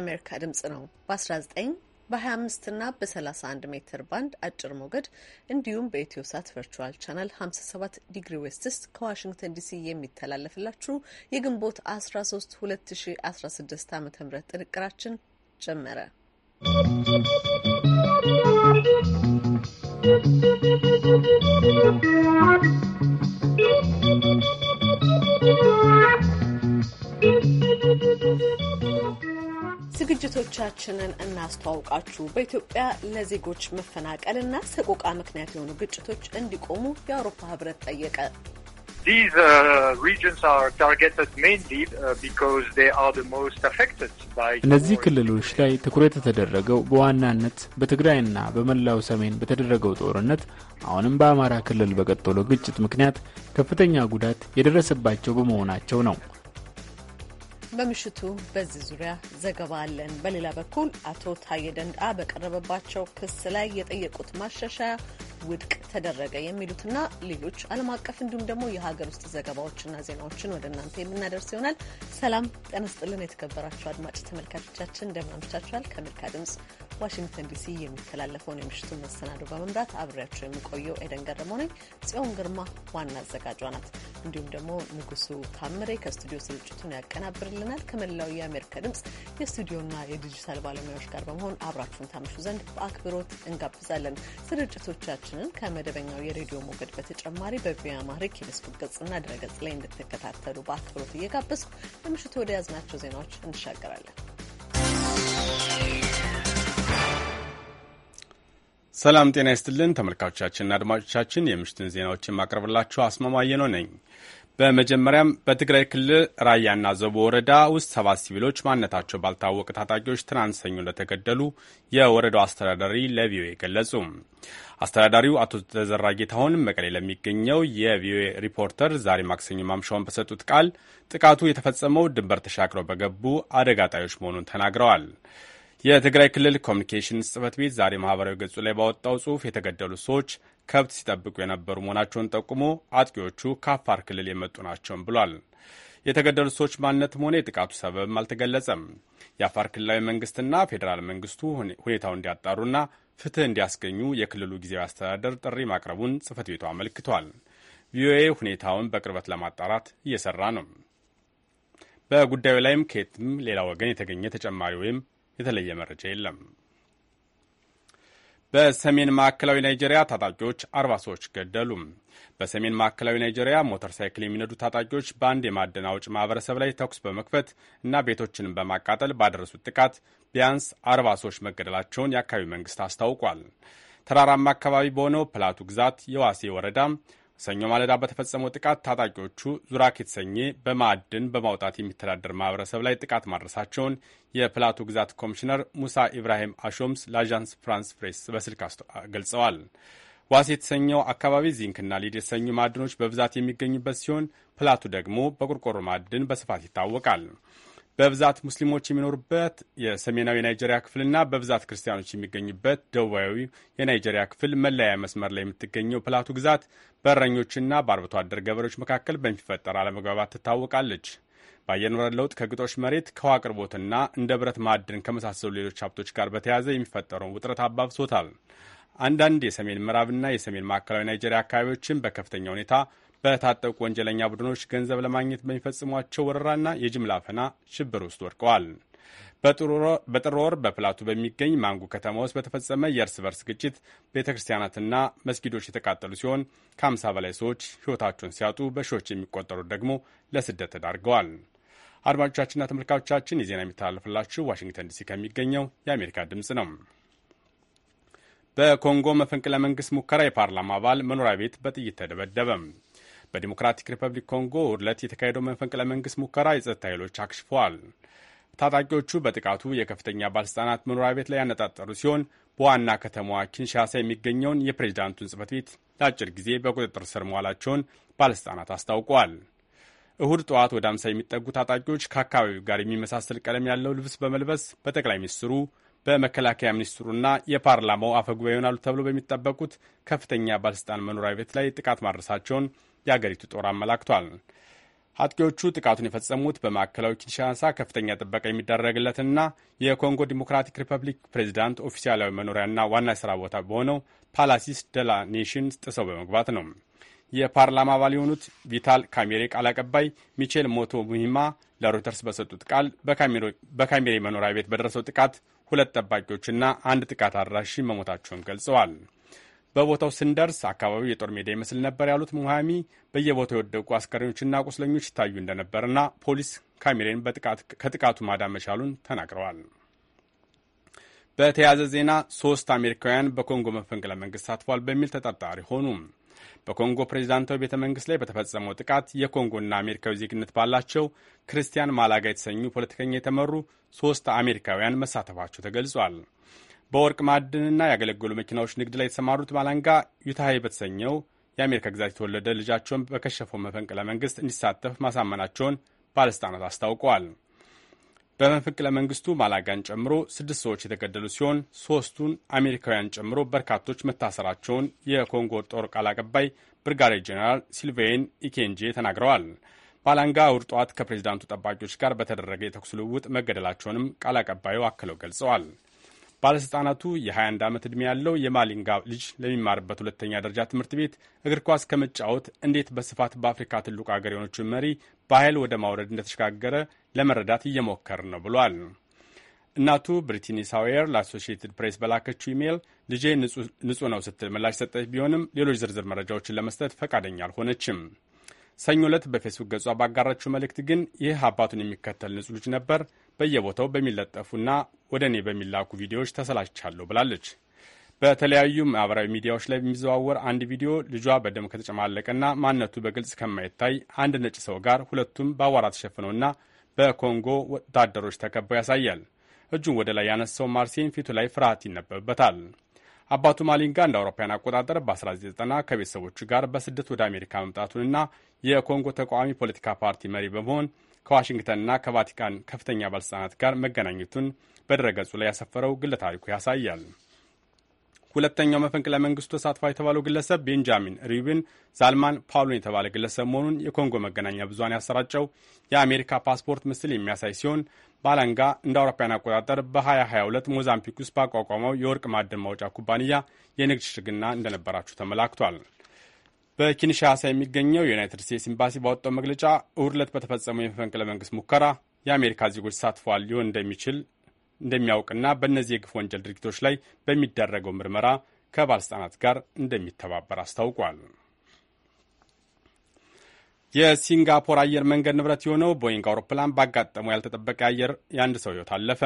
የአሜሪካ ድምጽ ነው። በ19 በ25 እና በ31 ሜትር ባንድ አጭር ሞገድ እንዲሁም በኢትዮ ሳት ቨርቹዋል ቻናል 57 ዲግሪ ዌስትስ ከዋሽንግተን ዲሲ የሚተላለፍላችሁ የግንቦት 13 2016 ዓ ም ጥንቅራችን ጀመረ። ¶¶ ዝግጅቶቻችንን እናስተዋውቃችሁ። በኢትዮጵያ ለዜጎች መፈናቀልና ሰቆቃ ምክንያት የሆኑ ግጭቶች እንዲቆሙ የአውሮፓ ህብረት ጠየቀ። uh, uh, እነዚህ ክልሎች ላይ ትኩረት የተደረገው በዋናነት በትግራይና በመላው ሰሜን በተደረገው ጦርነት አሁንም በአማራ ክልል በቀጠሎ ግጭት ምክንያት ከፍተኛ ጉዳት የደረሰባቸው በመሆናቸው ነው። በምሽቱ በዚህ ዙሪያ ዘገባ አለን። በሌላ በኩል አቶ ታዬ ደንዳ በቀረበባቸው ክስ ላይ የጠየቁት ማሻሻያ ውድቅ ተደረገ የሚሉትና ሌሎች ዓለም አቀፍ እንዲሁም ደግሞ የሀገር ውስጥ ዘገባዎችና ዜናዎችን ወደ እናንተ የምናደርስ ይሆናል። ሰላም ጤና ይስጥልን የተከበራችሁ አድማጭ ተመልካቾቻችን እንደምን አምሽታችኋል? ከአሜሪካ ድምጽ ዋሽንግተን ዲሲ የሚተላለፈውን የምሽቱን መሰናዶ በመምራት አብሬያቸው የሚቆየው ኤደን ገረመ ነኝ። ጽዮን ግርማ ዋና አዘጋጇ ናት። እንዲሁም ደግሞ ንጉሱ ታምሬ ከስቱዲዮ ስርጭቱን ያቀናብርልናል። ከመላው የአሜሪካ ድምፅ የስቱዲዮና የዲጂታል ባለሙያዎች ጋር በመሆን አብራችሁን ታምሹ ዘንድ በአክብሮት እንጋብዛለን። ስርጭቶቻችንን ከመደበኛው የሬዲዮ ሞገድ በተጨማሪ በቪያ ማሪክ የፌስቡክ ገጽና ድረገጽ ላይ እንድትከታተሉ በአክብሮት እየጋበዝኩ ለምሽቱ ወደ ያዝናቸው ዜናዎች እንሻገራለን። ሰላም ጤና ይስጥልን ተመልካቾቻችንና አድማጮቻችን፣ የምሽትን ዜናዎችን ማቅረብላችሁ አስማማየ ነው ነኝ። በመጀመሪያም በትግራይ ክልል ራያና ዘቦ ወረዳ ውስጥ ሰባት ሲቪሎች ማንነታቸው ባልታወቀ ታጣቂዎች ትናንት ሰኞ እንደተገደሉ የወረዳው አስተዳዳሪ ለቪኦኤ ገለጹ። አስተዳዳሪው አቶ ተዘራ ጌታሁን መቀሌ ለሚገኘው የቪኦኤ ሪፖርተር ዛሬ ማክሰኞ ማምሻውን በሰጡት ቃል ጥቃቱ የተፈጸመው ድንበር ተሻግረው በገቡ አደጋ ጣዮች መሆኑን ተናግረዋል። የትግራይ ክልል ኮሚኒኬሽንስ ጽህፈት ቤት ዛሬ ማህበራዊ ገጹ ላይ ባወጣው ጽሑፍ የተገደሉ ሰዎች ከብት ሲጠብቁ የነበሩ መሆናቸውን ጠቁሞ አጥቂዎቹ ከአፋር ክልል የመጡ ናቸውም ብሏል። የተገደሉ ሰዎች ማንነትም ሆነ የጥቃቱ ሰበብም አልተገለጸም። የአፋር ክልላዊ መንግስትና ፌዴራል መንግስቱ ሁኔታው እንዲያጣሩና ፍትህ እንዲያስገኙ የክልሉ ጊዜያዊ አስተዳደር ጥሪ ማቅረቡን ጽህፈት ቤቱ አመልክቷል። ቪኦኤ ሁኔታውን በቅርበት ለማጣራት እየሰራ ነው። በጉዳዩ ላይም ከየትም ሌላ ወገን የተገኘ ተጨማሪ ወይም የተለየ መረጃ የለም። በሰሜን ማዕከላዊ ናይጄሪያ ታጣቂዎች አርባ ሰዎች ገደሉ። በሰሜን ማዕከላዊ ናይጄሪያ ሞተር ሳይክል የሚነዱ ታጣቂዎች በአንድ የማደናወጭ ማህበረሰብ ላይ ተኩስ በመክፈት እና ቤቶችንም በማቃጠል ባደረሱት ጥቃት ቢያንስ አርባ ሰዎች መገደላቸውን የአካባቢው መንግስት አስታውቋል። ተራራማ አካባቢ በሆነው ፕላቱ ግዛት የዋሴ ወረዳ ሰኞ ማለዳ በተፈጸመው ጥቃት ታጣቂዎቹ ዙራክ የተሰኘ በማዕድን በማውጣት የሚተዳደር ማህበረሰብ ላይ ጥቃት ማድረሳቸውን የፕላቱ ግዛት ኮሚሽነር ሙሳ ኢብራሂም አሾምስ ለአዣንስ ፍራንስ ፕሬስ በስልክ ገልጸዋል። ዋሴ የተሰኘው አካባቢ ዚንክና ሊድ የተሰኙ ማዕድኖች በብዛት የሚገኙበት ሲሆን ፕላቱ ደግሞ በቆርቆሮ ማዕድን በስፋት ይታወቃል። በብዛት ሙስሊሞች የሚኖሩበት የሰሜናዊ ናይጄሪያ ክፍልና በብዛት ክርስቲያኖች የሚገኝበት ደቡባዊ የናይጄሪያ ክፍል መለያ መስመር ላይ የምትገኘው ፕላቱ ግዛት በረኞችና በአርብቶ አደር ገበሬዎች መካከል በሚፈጠር አለመግባባት ትታወቃለች። በአየር ንብረት ለውጥ ከግጦሽ መሬት ከውሃ አቅርቦትና እንደ ብረት ማዕድን ከመሳሰሉ ሌሎች ሀብቶች ጋር በተያያዘ የሚፈጠረውን ውጥረት አባብሶታል። አንዳንድ የሰሜን ምዕራብና የሰሜን ማዕከላዊ ናይጄሪያ አካባቢዎችን በከፍተኛ ሁኔታ በታጠቁ ወንጀለኛ ቡድኖች ገንዘብ ለማግኘት በሚፈጽሟቸው ወረራና የጅምላ ፈና ሽብር ውስጥ ወድቀዋል። በጥር ወር በፕላቱ በሚገኝ ማንጉ ከተማ ውስጥ በተፈጸመ የእርስ በርስ ግጭት ቤተ ክርስቲያናትና መስጊዶች የተቃጠሉ ሲሆን ከ50 በላይ ሰዎች ሕይወታቸውን ሲያጡ በሺዎች የሚቆጠሩት ደግሞ ለስደት ተዳርገዋል። አድማጮቻችንና ተመልካቾቻችን የዜና የሚተላለፍላችሁ ዋሽንግተን ዲሲ ከሚገኘው የአሜሪካ ድምፅ ነው። በኮንጎ መፈንቅለ መንግስት ሙከራ የፓርላማ አባል መኖሪያ ቤት በጥይት ተደበደበ። በዲሞክራቲክ ሪፐብሊክ ኮንጎ እርለት የተካሄደው መፈንቅለ መንግስት ሙከራ የጸጥታ ኃይሎች አክሽፈዋል። ታጣቂዎቹ በጥቃቱ የከፍተኛ ባለስልጣናት መኖሪያ ቤት ላይ ያነጣጠሩ ሲሆን በዋና ከተማዋ ኪንሻሳ የሚገኘውን የፕሬዚዳንቱን ጽህፈት ቤት ለአጭር ጊዜ በቁጥጥር ስር መዋላቸውን ባለሥልጣናት አስታውቀዋል። እሁድ ጠዋት ወደ አምሳ የሚጠጉ ታጣቂዎች ከአካባቢው ጋር የሚመሳሰል ቀለም ያለው ልብስ በመልበስ በጠቅላይ ሚኒስትሩ በመከላከያ ሚኒስትሩና የፓርላማው አፈጉባኤ ይሆናሉ ተብሎ በሚጠበቁት ከፍተኛ ባለሥልጣን መኖሪያ ቤት ላይ ጥቃት ማድረሳቸውን የአገሪቱ ጦር አመላክቷል። አጥቂዎቹ ጥቃቱን የፈጸሙት በማዕከላዊ ኪንሻሳ ከፍተኛ ጥበቃ የሚደረግለትና የኮንጎ ዲሞክራቲክ ሪፐብሊክ ፕሬዚዳንት ኦፊሲያላዊ መኖሪያና ዋና የሥራ ቦታ በሆነው ፓላሲስ ደላ ኔሽን ጥሰው በመግባት ነው። የፓርላማ አባል የሆኑት ቪታል ካሜሬ ቃል አቀባይ ሚቼል ሞቶ ሙሂማ ለሮይተርስ በሰጡት ቃል በካሜሬ መኖሪያ ቤት በደረሰው ጥቃት ሁለት ጠባቂዎችና አንድ ጥቃት አድራሽ መሞታቸውን ገልጸዋል። በቦታው ስንደርስ አካባቢው የጦር ሜዳ ይመስል ነበር ያሉት ሙሃሚ በየቦታው የወደቁ አስከሬኖችና ቁስለኞች ይታዩ እንደነበርና ፖሊስ ካሜሬን ከጥቃቱ ማዳን መቻሉን ተናግረዋል። በተያያዘ ዜና ሶስት አሜሪካውያን በኮንጎ መፈንቅለ መንግስት ሳትፏል በሚል ተጠርጣሪ ሆኑ። በኮንጎ ፕሬዚዳንታዊ ቤተ መንግስት ላይ በተፈጸመው ጥቃት የኮንጎና አሜሪካዊ ዜግነት ባላቸው ክርስቲያን ማላጋ የተሰኙ ፖለቲከኛ የተመሩ ሶስት አሜሪካውያን መሳተፋቸው ተገልጿል። በወርቅ ማዕድንና ያገለገሉ መኪናዎች ንግድ ላይ የተሰማሩት ማላንጋ ዩታሃይ በተሰኘው የአሜሪካ ግዛት የተወለደ ልጃቸውን በከሸፈው መፈንቅለ መንግስት እንዲሳተፍ ማሳመናቸውን ባለስልጣናት አስታውቀዋል። በመፈንቅለ መንግስቱ ማላጋን ጨምሮ ስድስት ሰዎች የተገደሉ ሲሆን ሶስቱን አሜሪካውያን ጨምሮ በርካቶች መታሰራቸውን የኮንጎ ጦር ቃል አቀባይ ብርጋዴር ጄኔራል ሲልቬን ኢኬንጄ ተናግረዋል። ማላንጋ እሁድ ጠዋት ከፕሬዚዳንቱ ጠባቂዎች ጋር በተደረገ የተኩስ ልውውጥ መገደላቸውንም ቃል አቀባዩ አክለው ገልጸዋል። ባለሥልጣናቱ የ21 ዓመት ዕድሜ ያለው የማሊንጋ ልጅ ለሚማርበት ሁለተኛ ደረጃ ትምህርት ቤት እግር ኳስ ከመጫወት እንዴት በስፋት በአፍሪካ ትልቁ አገር የሆነችውን መሪ በኃይል ወደ ማውረድ እንደተሸጋገረ ለመረዳት እየሞከር ነው ብሏል። እናቱ ብሪቲኒ ሳዌር ለአሶሽትድ ፕሬስ በላከችው ኢሜይል ልጄ ንጹህ ነው ስትል ምላሽ ሰጠች። ቢሆንም ሌሎች ዝርዝር መረጃዎችን ለመስጠት ፈቃደኛ አልሆነችም። ሰኞ ዕለት በፌስቡክ ገጿ ባጋራችው መልእክት ግን ይህ አባቱን የሚከተል ንጹ ልጅ ነበር በየቦታው በሚለጠፉና ወደ እኔ በሚላኩ ቪዲዮዎች ተሰላችቻለሁ ብላለች። በተለያዩ ማህበራዊ ሚዲያዎች ላይ የሚዘዋወር አንድ ቪዲዮ ልጇ በደም ከተጨማለቀና ማንነቱ በግልጽ ከማይታይ አንድ ነጭ ሰው ጋር ሁለቱም በአቧራ ተሸፍነውና በኮንጎ ወታደሮች ተከበው ያሳያል። እጁን ወደ ላይ ያነሳው ማርሴን ፊቱ ላይ ፍርሃት ይነበብበታል። አባቱ ማሊንጋ እንደ አውሮፓውያን አቆጣጠር በ1990 ከቤተሰቦቹ ጋር በስደት ወደ አሜሪካ መምጣቱንና የኮንጎ ተቃዋሚ ፖለቲካ ፓርቲ መሪ በመሆን ከዋሽንግተንና ከቫቲካን ከፍተኛ ባለሥልጣናት ጋር መገናኘቱን በድረገጹ ላይ ያሰፈረው ግለ ታሪኩ ያሳያል። ሁለተኛው መፈንቅለ መንግስቱ ተሳትፏ የተባለው ግለሰብ ቤንጃሚን ሪብን ዛልማን ፓውሎን የተባለ ግለሰብ መሆኑን የኮንጎ መገናኛ ብዙሃን ያሰራጨው የአሜሪካ ፓስፖርት ምስል የሚያሳይ ሲሆን ባላንጋ እንደ አውሮፓውያን አቆጣጠር በ2022 ሞዛምፒክ ውስጥ ባቋቋመው የወርቅ ማዕድን ማውጫ ኩባንያ የንግድ ሽግና እንደነበራችሁ ተመላክቷል። በኪንሻሳ የሚገኘው የዩናይትድ ስቴትስ ኤምባሲ ባወጣው መግለጫ እሁድ ዕለት በተፈጸመው የመፈንቅለ መንግስት ሙከራ የአሜሪካ ዜጎች ተሳትፏል ሊሆን እንደሚችል እንደሚያውቅና በእነዚህ የግፍ ወንጀል ድርጊቶች ላይ በሚደረገው ምርመራ ከባለስልጣናት ጋር እንደሚተባበር አስታውቋል። የሲንጋፖር አየር መንገድ ንብረት የሆነው ቦይንግ አውሮፕላን ባጋጠመው ያልተጠበቀ አየር የአንድ ሰው ህይወት አለፈ።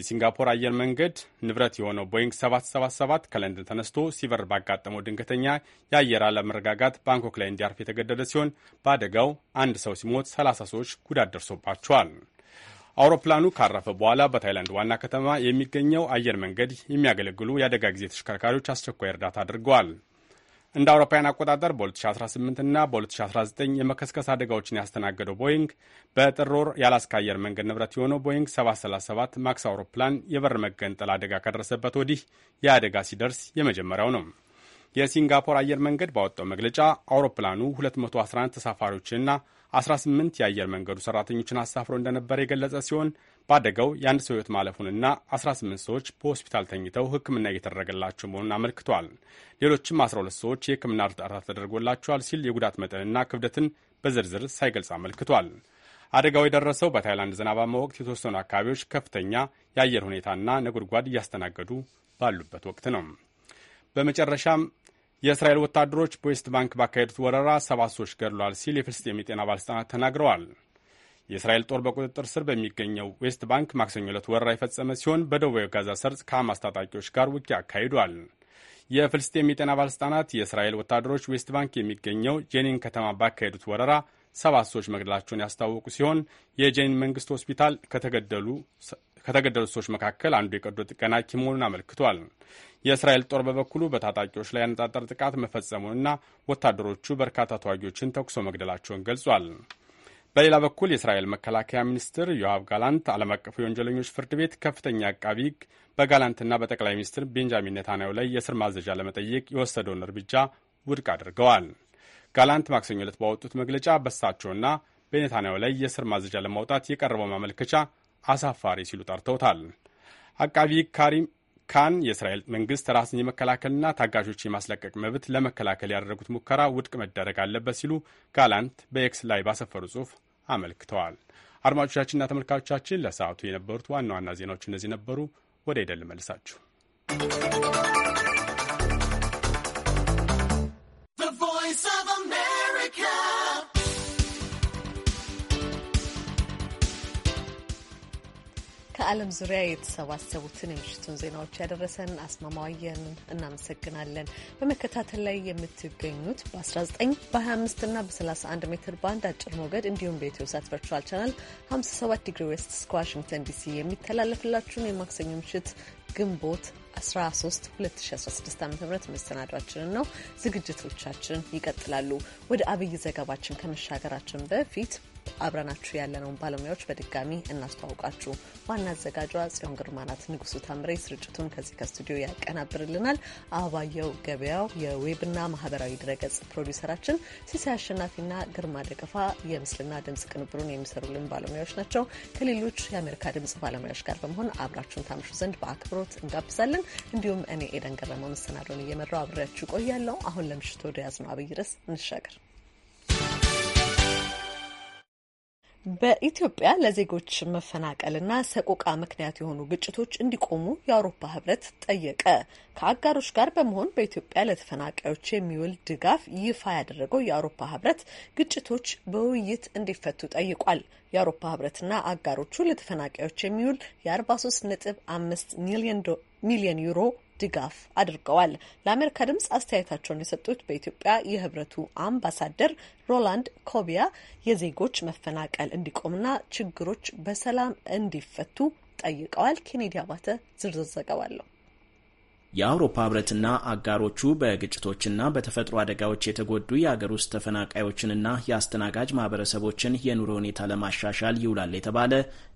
የሲንጋፖር አየር መንገድ ንብረት የሆነው ቦይንግ 777 ከለንደን ተነስቶ ሲበር ባጋጠመው ድንገተኛ የአየር አለመረጋጋት ባንኮክ ላይ እንዲያርፍ የተገደደ ሲሆን በአደጋው አንድ ሰው ሲሞት 30 ሰዎች ጉዳት ደርሶባቸዋል። አውሮፕላኑ ካረፈ በኋላ በታይላንድ ዋና ከተማ የሚገኘው አየር መንገድ የሚያገለግሉ የአደጋ ጊዜ ተሽከርካሪዎች አስቸኳይ እርዳታ አድርገዋል። እንደ አውሮፓውያን አቆጣጠር በ2018 እና በ2019 የመከስከስ አደጋዎችን ያስተናገደው ቦይንግ በጥር ወር የአላስካ አየር መንገድ ንብረት የሆነው ቦይንግ 737 ማክስ አውሮፕላን የበር መገንጠል አደጋ ከደረሰበት ወዲህ የአደጋ ሲደርስ የመጀመሪያው ነው። የሲንጋፖር አየር መንገድ ባወጣው መግለጫ አውሮፕላኑ 211 ተሳፋሪዎችንና 18 የአየር መንገዱ ሰራተኞችን አሳፍሮ እንደነበረ የገለጸ ሲሆን በአደጋው የአንድ ሰው ህይወት ማለፉንና 18 ሰዎች በሆስፒታል ተኝተው ሕክምና እየተደረገላቸው መሆኑን አመልክተዋል። ሌሎችም 12 ሰዎች የሕክምና እርዳታ ተደርጎላቸዋል ሲል የጉዳት መጠንና ክብደትን በዝርዝር ሳይገልጽ አመልክቷል። አደጋው የደረሰው በታይላንድ ዝናባማ ወቅት የተወሰኑ አካባቢዎች ከፍተኛ የአየር ሁኔታና ነጎድጓድ እያስተናገዱ ባሉበት ወቅት ነው። በመጨረሻም የእስራኤል ወታደሮች በዌስት ባንክ ባካሄዱት ወረራ ሰባት ሰዎች ገድሏል ሲል የፍልስጤም የጤና ባለሥልጣናት ተናግረዋል። የእስራኤል ጦር በቁጥጥር ስር በሚገኘው ዌስት ባንክ ማክሰኞ ዕለት ወረራ የፈጸመ ሲሆን በደቡባዊ ጋዛ ሰርጽ ከሐማስ ታጣቂዎች ጋር ውጊያ አካሂዷል። የፍልስጤም የጤና ባለሥልጣናት የእስራኤል ወታደሮች ዌስት ባንክ የሚገኘው ጄኒን ከተማ ባካሄዱት ወረራ ሰባት ሰዎች መግደላቸውን ያስታወቁ ሲሆን የጄኒን መንግስት ሆስፒታል ከተገደሉት ሰዎች መካከል አንዱ የቀዶ ጥገና ሐኪም መሆኑን አመልክቷል። የእስራኤል ጦር በበኩሉ በታጣቂዎች ላይ ያነጣጠረ ጥቃት መፈጸሙንና ወታደሮቹ በርካታ ተዋጊዎችን ተኩሶ መግደላቸውን ገልጿል። በሌላ በኩል የእስራኤል መከላከያ ሚኒስትር ዮሐብ ጋላንት ዓለም አቀፉ የወንጀለኞች ፍርድ ቤት ከፍተኛ አቃቢ ሕግ በጋላንትና በጠቅላይ ሚኒስትር ቤንጃሚን ኔታንያሁ ላይ የእስር ማዘዣ ለመጠየቅ የወሰደውን እርምጃ ውድቅ አድርገዋል። ጋላንት ማክሰኞ ዕለት ባወጡት መግለጫ በሳቸውና በኔታንያሁ ላይ የእስር ማዘዣ ለማውጣት የቀረበው ማመልከቻ አሳፋሪ ሲሉ ጠርተውታል። አቃቢ ካሪም ካን የእስራኤል መንግስት ራስን የመከላከልና ታጋሾች የማስለቀቅ መብት ለመከላከል ያደረጉት ሙከራ ውድቅ መደረግ አለበት ሲሉ ጋላንት በኤክስ ላይ ባሰፈሩ ጽሑፍ አመልክተዋል። አድማጮቻችንና ተመልካቾቻችን ለሰዓቱ የነበሩት ዋና ዋና ዜናዎች እነዚህ ነበሩ። ወደ ሄደን ልመልሳችሁ። ከዓለም ዙሪያ የተሰባሰቡትን የምሽቱን ዜናዎች ያደረሰን አስማማዋየን እናመሰግናለን። በመከታተል ላይ የምትገኙት በ19 በ25 እና በ31 ሜትር ባንድ አጭር ሞገድ እንዲሁም በኢትዮ ሳት ቨርቹዋል ቻናል 57 ዲግሪ ዌስት ዋሽንግተን ዲሲ የሚተላለፍላችሁን የማክሰኞ ምሽት ግንቦት 13 2016 ዓ ም መሰናዷችንን ነው። ዝግጅቶቻችን ይቀጥላሉ። ወደ አብይ ዘገባችን ከመሻገራችን በፊት አብረናችሁ ያለነውን ባለሙያዎች በድጋሚ እናስተዋውቃችሁ። ዋና አዘጋጇ ጽዮን ግርማ ናት። ንጉሱ ታምሬ ስርጭቱን ከዚህ ከስቱዲዮ ያቀናብርልናል። አበባየው ገበያው የዌብና ማህበራዊ ድረገጽ ፕሮዲውሰራችን፣ ሲሳይ አሸናፊና ግርማ ደቀፋ የምስልና ድምጽ ቅንብሩን የሚሰሩልን ባለሙያዎች ናቸው። ከሌሎች የአሜሪካ ድምጽ ባለሙያዎች ጋር በመሆን አብራችሁን ታምሹ ዘንድ በአክብሮት እንጋብዛለን። እንዲሁም እኔ ኤደን ገረመው መሰናዶን እየመራው አብሬያችሁ ቆያለው። አሁን ለምሽቶ ወደ ያዝነው አብይ ርዕስ እንሻገር። በኢትዮጵያ ለዜጎች መፈናቀልና ሰቆቃ ምክንያት የሆኑ ግጭቶች እንዲቆሙ የአውሮፓ ህብረት ጠየቀ። ከአጋሮች ጋር በመሆን በኢትዮጵያ ለተፈናቃዮች የሚውል ድጋፍ ይፋ ያደረገው የአውሮፓ ህብረት ግጭቶች በውይይት እንዲፈቱ ጠይቋል። የአውሮፓ ህብረትና አጋሮቹ ለተፈናቃዮች የሚውል የ43 ነጥብ ሚሊዮን ዩሮ ድጋፍ አድርገዋል። ለአሜሪካ ድምጽ አስተያየታቸውን የሰጡት በኢትዮጵያ የህብረቱ አምባሳደር ሮላንድ ኮቢያ የዜጎች መፈናቀል እንዲቆምና ችግሮች በሰላም እንዲፈቱ ጠይቀዋል። ኬኔዲ አባተ ዝርዝር ዘገባ አለው። የአውሮፓ ህብረትና አጋሮቹ በግጭቶችና በተፈጥሮ አደጋዎች የተጎዱ የአገር ውስጥ ተፈናቃዮችንና የአስተናጋጅ ማህበረሰቦችን የኑሮ ሁኔታ ለማሻሻል ይውላል የተባለ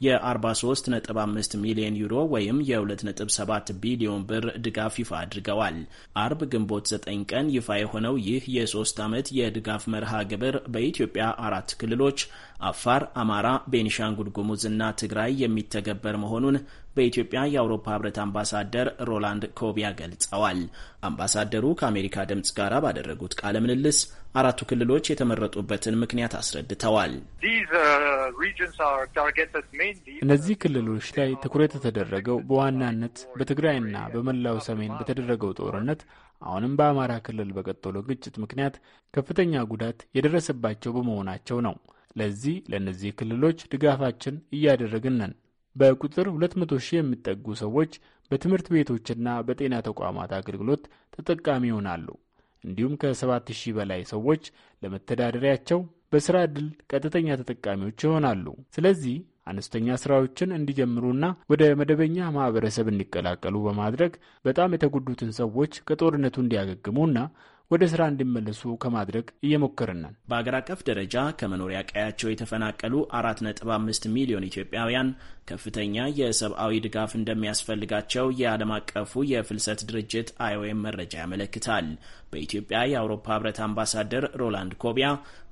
የ43.5 ሚሊዮን ዩሮ ወይም የ2.7 ቢሊዮን ብር ድጋፍ ይፋ አድርገዋል። አርብ ግንቦት 9 ቀን ይፋ የሆነው ይህ የሶስት ዓመት የድጋፍ መርሃ ግብር በኢትዮጵያ አራት ክልሎች አፋር፣ አማራ፣ ቤኒሻንጉል ጉሙዝ እና ትግራይ የሚተገበር መሆኑን በኢትዮጵያ የአውሮፓ ህብረት አምባሳደር ሮላንድ ኮቢያ ገልጸዋል። አምባሳደሩ ከአሜሪካ ድምፅ ጋር ባደረጉት ቃለ ምልልስ አራቱ ክልሎች የተመረጡበትን ምክንያት አስረድተዋል። uh, እነዚህ ክልሎች ላይ ትኩረት የተደረገው በዋናነት በትግራይና በመላው ሰሜን በተደረገው ጦርነት አሁንም በአማራ ክልል በቀጠሎ ግጭት ምክንያት ከፍተኛ ጉዳት የደረሰባቸው በመሆናቸው ነው። ለዚህ ለእነዚህ ክልሎች ድጋፋችን እያደረግን ነን። በቁጥር 200 ሺህ የሚጠጉ ሰዎች በትምህርት ቤቶችና በጤና ተቋማት አገልግሎት ተጠቃሚ ይሆናሉ። እንዲሁም ከ 7000 በላይ ሰዎች ለመተዳደሪያቸው በስራ ዕድል ቀጥተኛ ተጠቃሚዎች ይሆናሉ። ስለዚህ አነስተኛ ስራዎችን እንዲጀምሩና ወደ መደበኛ ማህበረሰብ እንዲቀላቀሉ በማድረግ በጣም የተጎዱትን ሰዎች ከጦርነቱ እንዲያገግሙና ወደ ስራ እንዲመለሱ ከማድረግ እየሞከርን ነን። በአገር አቀፍ ደረጃ ከመኖሪያ ቀያቸው የተፈናቀሉ 4.5 ሚሊዮን ኢትዮጵያውያን ከፍተኛ የሰብአዊ ድጋፍ እንደሚያስፈልጋቸው የዓለም አቀፉ የፍልሰት ድርጅት አይኦኤም መረጃ ያመለክታል። በኢትዮጵያ የአውሮፓ ህብረት አምባሳደር ሮላንድ ኮቢያ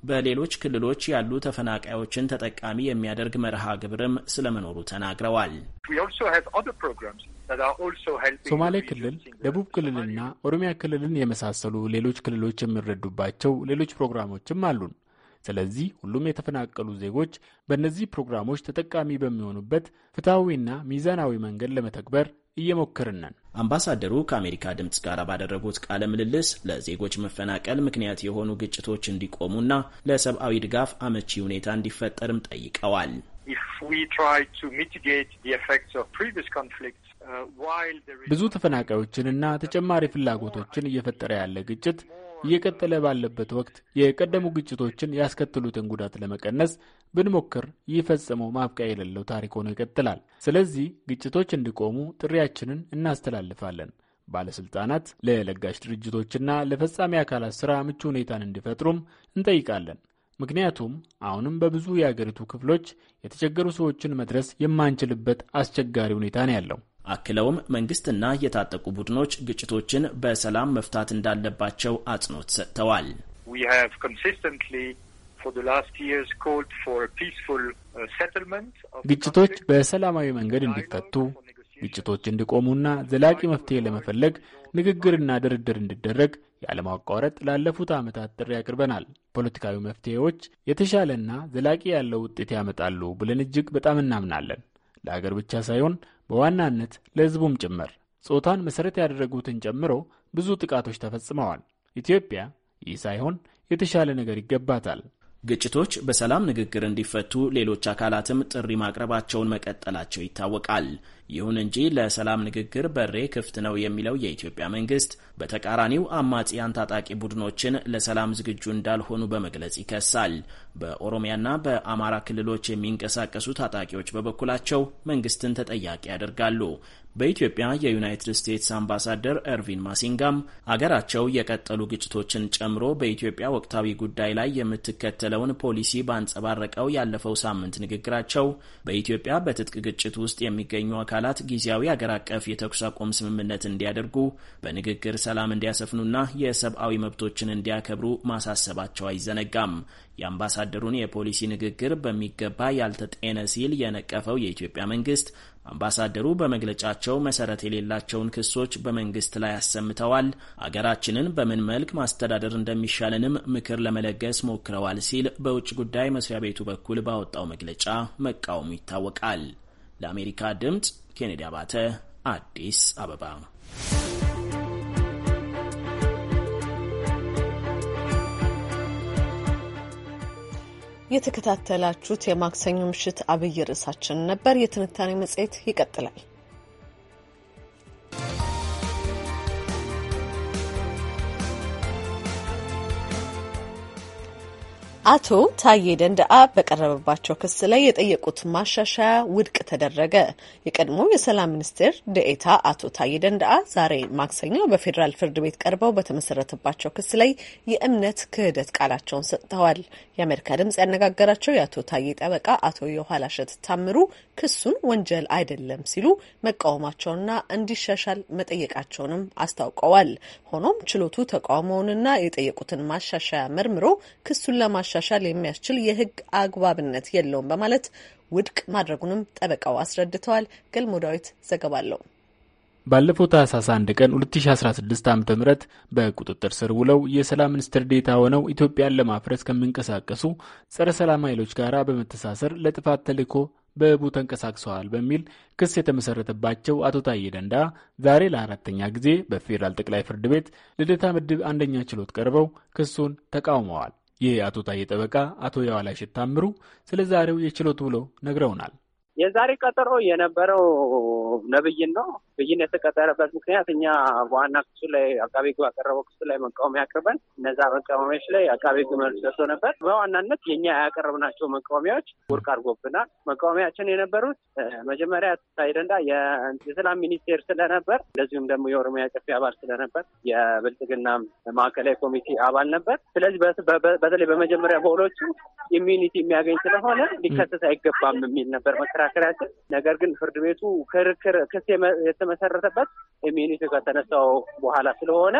በሌሎች ክልሎች ያሉ ተፈናቃዮችን ተጠቃሚ የሚያደርግ መርሃ ግብርም ስለመኖሩ ተናግረዋል። ሶማሌ ክልል፣ ደቡብ ክልልና ኦሮሚያ ክልልን የመሳሰሉ ሌሎች ክልሎች የሚረዱባቸው ሌሎች ፕሮግራሞችም አሉን። ስለዚህ ሁሉም የተፈናቀሉ ዜጎች በእነዚህ ፕሮግራሞች ተጠቃሚ በሚሆኑበት ፍትሐዊና ሚዛናዊ መንገድ ለመተግበር እየሞከርን ነን። አምባሳደሩ ከአሜሪካ ድምፅ ጋር ባደረጉት ቃለ ምልልስ ለዜጎች መፈናቀል ምክንያት የሆኑ ግጭቶች እንዲቆሙና ለሰብአዊ ድጋፍ አመቺ ሁኔታ እንዲፈጠርም ጠይቀዋል። ብዙ ተፈናቃዮችንና ተጨማሪ ፍላጎቶችን እየፈጠረ ያለ ግጭት እየቀጠለ ባለበት ወቅት የቀደሙ ግጭቶችን ያስከትሉትን ጉዳት ለመቀነስ ብንሞክር ይህ ፈጽሞ ማብቂያ የሌለው ታሪክ ሆኖ ይቀጥላል። ስለዚህ ግጭቶች እንዲቆሙ ጥሪያችንን እናስተላልፋለን። ባለስልጣናት ለለጋሽ ድርጅቶችና ለፈጻሚ አካላት ስራ ምቹ ሁኔታን እንዲፈጥሩም እንጠይቃለን። ምክንያቱም አሁንም በብዙ የአገሪቱ ክፍሎች የተቸገሩ ሰዎችን መድረስ የማንችልበት አስቸጋሪ ሁኔታ ነው ያለው። አክለውም መንግስትና የታጠቁ ቡድኖች ግጭቶችን በሰላም መፍታት እንዳለባቸው አጽንኦት ሰጥተዋል። uh, ግጭቶች በሰላማዊ መንገድ እንዲፈቱ ግጭቶች እንዲቆሙና ዘላቂ መፍትሄ ለመፈለግ ንግግርና ድርድር እንዲደረግ ያለማቋረጥ ላለፉት ዓመታት ጥሪ አቅርበናል። ፖለቲካዊ መፍትሄዎች የተሻለና ዘላቂ ያለው ውጤት ያመጣሉ ብለን እጅግ በጣም እናምናለን። ለሀገር ብቻ ሳይሆን በዋናነት ለሕዝቡም ጭምር ጾታን መሠረት ያደረጉትን ጨምሮ ብዙ ጥቃቶች ተፈጽመዋል። ኢትዮጵያ ይህ ሳይሆን የተሻለ ነገር ይገባታል። ግጭቶች በሰላም ንግግር እንዲፈቱ ሌሎች አካላትም ጥሪ ማቅረባቸውን መቀጠላቸው ይታወቃል። ይሁን እንጂ ለሰላም ንግግር በሬ ክፍት ነው የሚለው የኢትዮጵያ መንግስት በተቃራኒው አማጽያን ታጣቂ ቡድኖችን ለሰላም ዝግጁ እንዳልሆኑ በመግለጽ ይከሳል። በኦሮሚያና በአማራ ክልሎች የሚንቀሳቀሱ ታጣቂዎች በበኩላቸው መንግስትን ተጠያቂ ያደርጋሉ። በኢትዮጵያ የዩናይትድ ስቴትስ አምባሳደር ኤርቪን ማሲንጋም አገራቸው የቀጠሉ ግጭቶችን ጨምሮ በኢትዮጵያ ወቅታዊ ጉዳይ ላይ የምትከተለውን ፖሊሲ ባንጸባረቀው ያለፈው ሳምንት ንግግራቸው በኢትዮጵያ በትጥቅ ግጭት ውስጥ የሚገኙ አካላት ጊዜያዊ አገር አቀፍ የተኩስ አቁም ስምምነት እንዲያደርጉ፣ በንግግር ሰላም እንዲያሰፍኑና የሰብአዊ መብቶችን እንዲያከብሩ ማሳሰባቸው አይዘነጋም። የአምባሳደሩን የፖሊሲ ንግግር በሚገባ ያልተጤነ ሲል የነቀፈው የኢትዮጵያ መንግስት አምባሳደሩ በመግለጫቸው መሰረት የሌላቸውን ክሶች በመንግስት ላይ አሰምተዋል። አገራችንን በምን መልክ ማስተዳደር እንደሚሻለንም ምክር ለመለገስ ሞክረዋል ሲል በውጭ ጉዳይ መስሪያ ቤቱ በኩል ባወጣው መግለጫ መቃወሙ ይታወቃል። ለአሜሪካ ድምፅ ኬኔዲ አባተ አዲስ አበባ የተከታተላችሁት የማክሰኞ ምሽት አብይ ርዕሳችን ነበር። የትንታኔ መጽሔት ይቀጥላል። አቶ ታዬ ደንደአ በቀረበባቸው ክስ ላይ የጠየቁት ማሻሻያ ውድቅ ተደረገ። የቀድሞ የሰላም ሚኒስቴር ደኤታ አቶ ታዬ ደንደአ ዛሬ ማክሰኞ በፌዴራል ፍርድ ቤት ቀርበው በተመሰረተባቸው ክስ ላይ የእምነት ክህደት ቃላቸውን ሰጥተዋል። የአሜሪካ ድምጽ ያነጋገራቸው የአቶ ታዬ ጠበቃ አቶ የኋላሸት ታምሩ ክሱን ወንጀል አይደለም ሲሉ መቃወማቸውንና እንዲሻሻል መጠየቃቸውንም አስታውቀዋል። ሆኖም ችሎቱ ተቃውሞውንና የጠየቁትን ማሻሻያ መርምሮ ክሱን ለማሻ ለማሻሻል የሚያስችል የህግ አግባብነት የለውም በማለት ውድቅ ማድረጉንም ጠበቃው አስረድተዋል። ገልሞ ዳዊት ዘገባ አለው። ባለፈው ታህሳስ አንድ ቀን 2016 ዓ ም በቁጥጥር ስር ውለው የሰላም ሚኒስትር ዴታ ሆነው ኢትዮጵያን ለማፍረስ ከሚንቀሳቀሱ ጸረ ሰላም ኃይሎች ጋር በመተሳሰር ለጥፋት ተልኮ በህቡ ተንቀሳቅሰዋል በሚል ክስ የተመሰረተባቸው አቶ ታዬ ደንዳ ዛሬ ለአራተኛ ጊዜ በፌዴራል ጠቅላይ ፍርድ ቤት ልደታ ምድብ አንደኛ ችሎት ቀርበው ክሱን ተቃውመዋል። ይህ የአቶ ታዬ ጠበቃ አቶ የዋላይ ሽታምሩ ስለ ዛሬው የችሎት ውሎ ነግረውናል። የዛሬ ቀጠሮ የነበረው ነብይን ነው። ብይን የተቀጠረበት ምክንያት እኛ በዋና ክሱ ላይ አቃቤ ሕግ ባቀረበው ክሱ ላይ መቃወሚያ አቅርበን እነዛ መቃወሚያዎች ላይ አቃቤ ሕግ መልስ ሰጥቶ ነበር። በዋናነት የእኛ ያቀረብናቸው መቃወሚያዎች ውድቅ አድርጎብናል። መቃወሚያችን የነበሩት መጀመሪያ ሳይደንዳ የሰላም ሚኒስቴር ስለነበር፣ እንደዚሁም ደግሞ የኦሮሚያ ጨፌ አባል ስለነበር፣ የብልጽግና ማዕከላዊ ኮሚቴ አባል ነበር። ስለዚህ በተለይ በመጀመሪያ በሁለቱ ኢሚኒቲ የሚያገኝ ስለሆነ ሊከሰስ አይገባም የሚል ነበር መከራ መከላከላችን። ነገር ግን ፍርድ ቤቱ ክርክር ክስ የተመሰረተበት ኢሚኒቲ ከተነሳው በኋላ ስለሆነ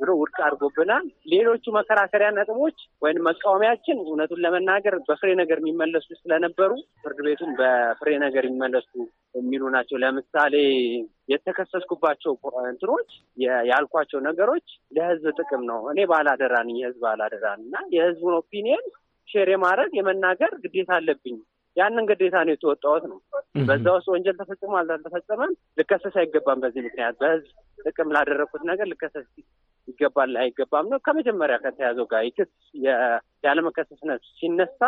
ብሎ ውድቅ አድርጎብናል። ሌሎቹ መከራከሪያ ነጥቦች ወይም መቃወሚያችን እውነቱን ለመናገር በፍሬ ነገር የሚመለሱ ስለነበሩ ፍርድ ቤቱም በፍሬ ነገር የሚመለሱ የሚሉ ናቸው። ለምሳሌ የተከሰስኩባቸው እንትኖች ያልኳቸው ነገሮች ለህዝብ ጥቅም ነው። እኔ ባላደራ ነኝ፣ የሕዝብ ባላደራ እና የህዝቡን ኦፒኒየን ሼር የማድረግ የመናገር ግዴታ አለብኝ ያንን ግዴታ ነው የተወጣሁት ነው። በዛ ውስጥ ወንጀል ተፈጽሞ አልተፈጸመም ልከሰስ አይገባም። በዚህ ምክንያት በህዝብ ጥቅም ላደረግኩት ነገር ልከሰስ ይገባል አይገባም ነው ከመጀመሪያ ከተያዘው ጋር ይክስ ያለመከሰስ ሲነሳ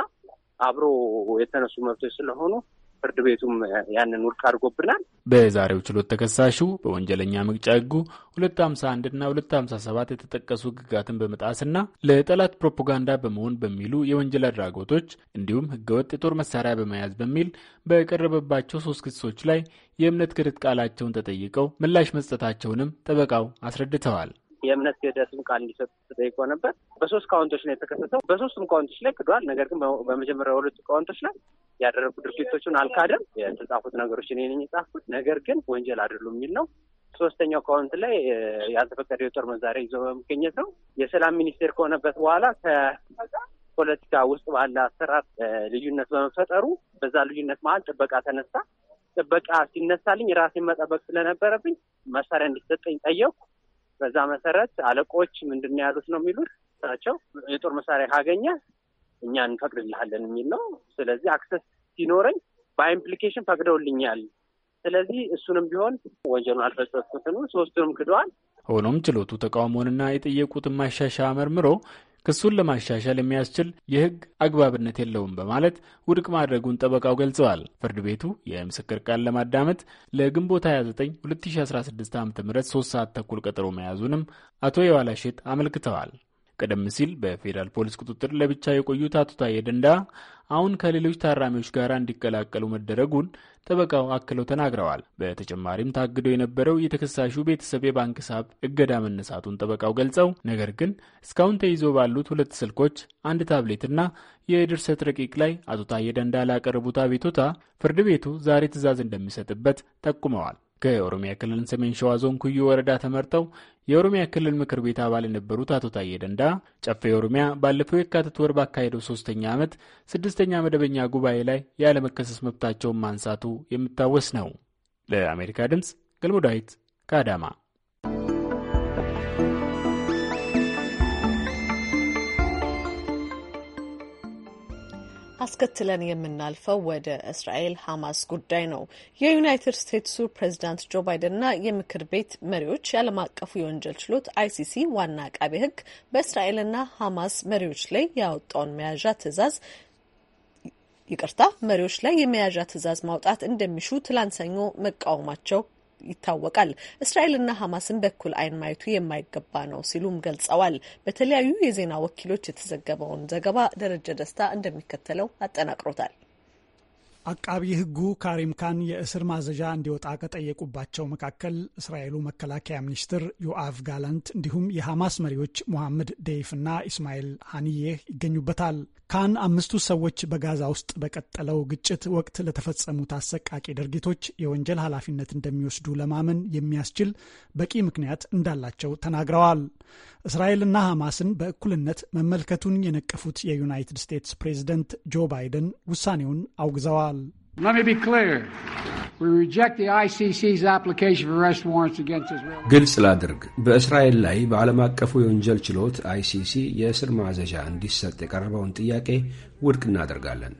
አብሮ የተነሱ መብቶች ስለሆኑ ፍርድ ቤቱም ያንን ውድቅ አድርጎብናል። በዛሬው ችሎት ተከሳሹ በወንጀለኛ መቅጫ ህጉ ሁለት ሀምሳ አንድ ና ሁለት ሀምሳ ሰባት የተጠቀሱ በመጣስ በመጣስና ለጠላት ፕሮፓጋንዳ በመሆን በሚሉ የወንጀል አድራጎቶች እንዲሁም ህገወጥ የጦር መሳሪያ በመያዝ በሚል በቀረበባቸው ሶስት ክሶች ላይ የእምነት ክርት ቃላቸውን ተጠይቀው ምላሽ መስጠታቸውንም ጠበቃው አስረድተዋል። የእምነት ክህደትም ቃል እንዲሰጥ ተጠይቆ ነበር። በሶስት ካውንቶች ነው የተከሰሰው። በሶስቱም ካውንቶች ላይ ክዷል። ነገር ግን በመጀመሪያ ሁለቱ ካውንቶች ላይ ያደረጉ ድርጊቶቹን አልካደም። የተጻፉት ነገሮች እኔ ነኝ የጻፍኩት፣ ነገር ግን ወንጀል አይደሉም የሚል ነው። ሶስተኛው ካውንት ላይ ያልተፈቀደ የጦር መዛሪያ ይዞ በመገኘት ነው። የሰላም ሚኒስቴር ከሆነበት በኋላ ከፖለቲካ ውስጥ ባለ አሰራር ልዩነት በመፈጠሩ በዛ ልዩነት መሀል ጥበቃ ተነሳ። ጥበቃ ሲነሳልኝ ራሴን መጠበቅ ስለነበረብኝ መሳሪያ እንዲሰጠኝ ጠየቅኩ። በዛ መሰረት አለቆች ምንድን ያሉት ነው የሚሉት ቸው የጦር መሳሪያ ካገኘ እኛ እንፈቅድልሃለን የሚል ነው። ስለዚህ አክሰስ ሲኖረኝ በኢምፕሊኬሽን ፈቅደውልኛል። ስለዚህ እሱንም ቢሆን ወንጀሉን አልፈጸምኩትም፣ ሶስቱንም ክደዋል። ሆኖም ችሎቱ ተቃውሞንና የጠየቁትን ማሻሻያ መርምሮ ክሱን ለማሻሻል የሚያስችል የህግ አግባብነት የለውም በማለት ውድቅ ማድረጉን ጠበቃው ገልጸዋል። ፍርድ ቤቱ የምስክር ቃል ለማዳመጥ ለግንቦት 29 2016 ዓ ም 3 ሰዓት ተኩል ቀጠሮ መያዙንም አቶ የዋላሽት አመልክተዋል። ቀደም ሲል በፌዴራል ፖሊስ ቁጥጥር ለብቻ የቆዩት አቶ ታዬ ደንዳ አሁን ከሌሎች ታራሚዎች ጋር እንዲቀላቀሉ መደረጉን ጠበቃው አክለው ተናግረዋል። በተጨማሪም ታግደው የነበረው የተከሳሹ ቤተሰብ የባንክ ሂሳብ እገዳ መነሳቱን ጠበቃው ገልጸው ነገር ግን እስካሁን ተይዞ ባሉት ሁለት ስልኮች፣ አንድ ታብሌትና የድርሰት ረቂቅ ላይ አቶ ታዬ ደንዳ ላቀረቡት አቤቱታ ፍርድ ቤቱ ዛሬ ትዕዛዝ እንደሚሰጥበት ጠቁመዋል። ከኦሮሚያ ክልል ሰሜን ሸዋ ዞን ኩዩ ወረዳ ተመርጠው የኦሮሚያ ክልል ምክር ቤት አባል የነበሩት አቶ ታዬ ደንዳ ጨፌ ኦሮሚያ ባለፈው የካቲት ወር ባካሄደው ሶስተኛ ዓመት ስድስተኛ መደበኛ ጉባኤ ላይ ያለመከሰስ መብታቸውን ማንሳቱ የሚታወስ ነው። ለአሜሪካ ድምፅ ገልሞ ዳዊት ከአዳማ አስከትለን የምናልፈው ወደ እስራኤል ሐማስ ጉዳይ ነው። የዩናይትድ ስቴትሱ ፕሬዚዳንት ጆ ባይደንና የምክር ቤት መሪዎች የዓለም አቀፉ የወንጀል ችሎት አይሲሲ ዋና አቃቤ ሕግ በእስራኤልና ሐማስ መሪዎች ላይ ያወጣውን መያዣ ትዕዛዝ ይቅርታ መሪዎች ላይ የመያዣ ትዕዛዝ ማውጣት እንደሚሹ ትላንት ሰኞ መቃወማቸው ይታወቃል። እስራኤልና ሐማስን በኩል አይን ማየቱ የማይገባ ነው ሲሉም ገልጸዋል። በተለያዩ የዜና ወኪሎች የተዘገበውን ዘገባ ደረጀ ደስታ እንደሚከተለው አጠናቅሮታል። አቃቢ ሕጉ ካሪም ካን የእስር ማዘዣ እንዲወጣ ከጠየቁባቸው መካከል እስራኤሉ መከላከያ ሚኒስትር ዮአቭ ጋላንት እንዲሁም የሐማስ መሪዎች ሙሐመድ ደይፍ እና ኢስማኤል ሀኒዬህ ይገኙበታል። ካን አምስቱ ሰዎች በጋዛ ውስጥ በቀጠለው ግጭት ወቅት ለተፈጸሙት አሰቃቂ ድርጊቶች የወንጀል ኃላፊነት እንደሚወስዱ ለማመን የሚያስችል በቂ ምክንያት እንዳላቸው ተናግረዋል። እስራኤልና ሐማስን በእኩልነት መመልከቱን የነቀፉት የዩናይትድ ስቴትስ ፕሬዝደንት ጆ ባይደን ውሳኔውን አውግዘዋል። ግልጽ ላድርግ። በእስራኤል ላይ በዓለም አቀፉ የወንጀል ችሎት አይሲሲ የእስር ማዘዣ እንዲሰጥ የቀረበውን ጥያቄ ውድቅ እናደርጋለን።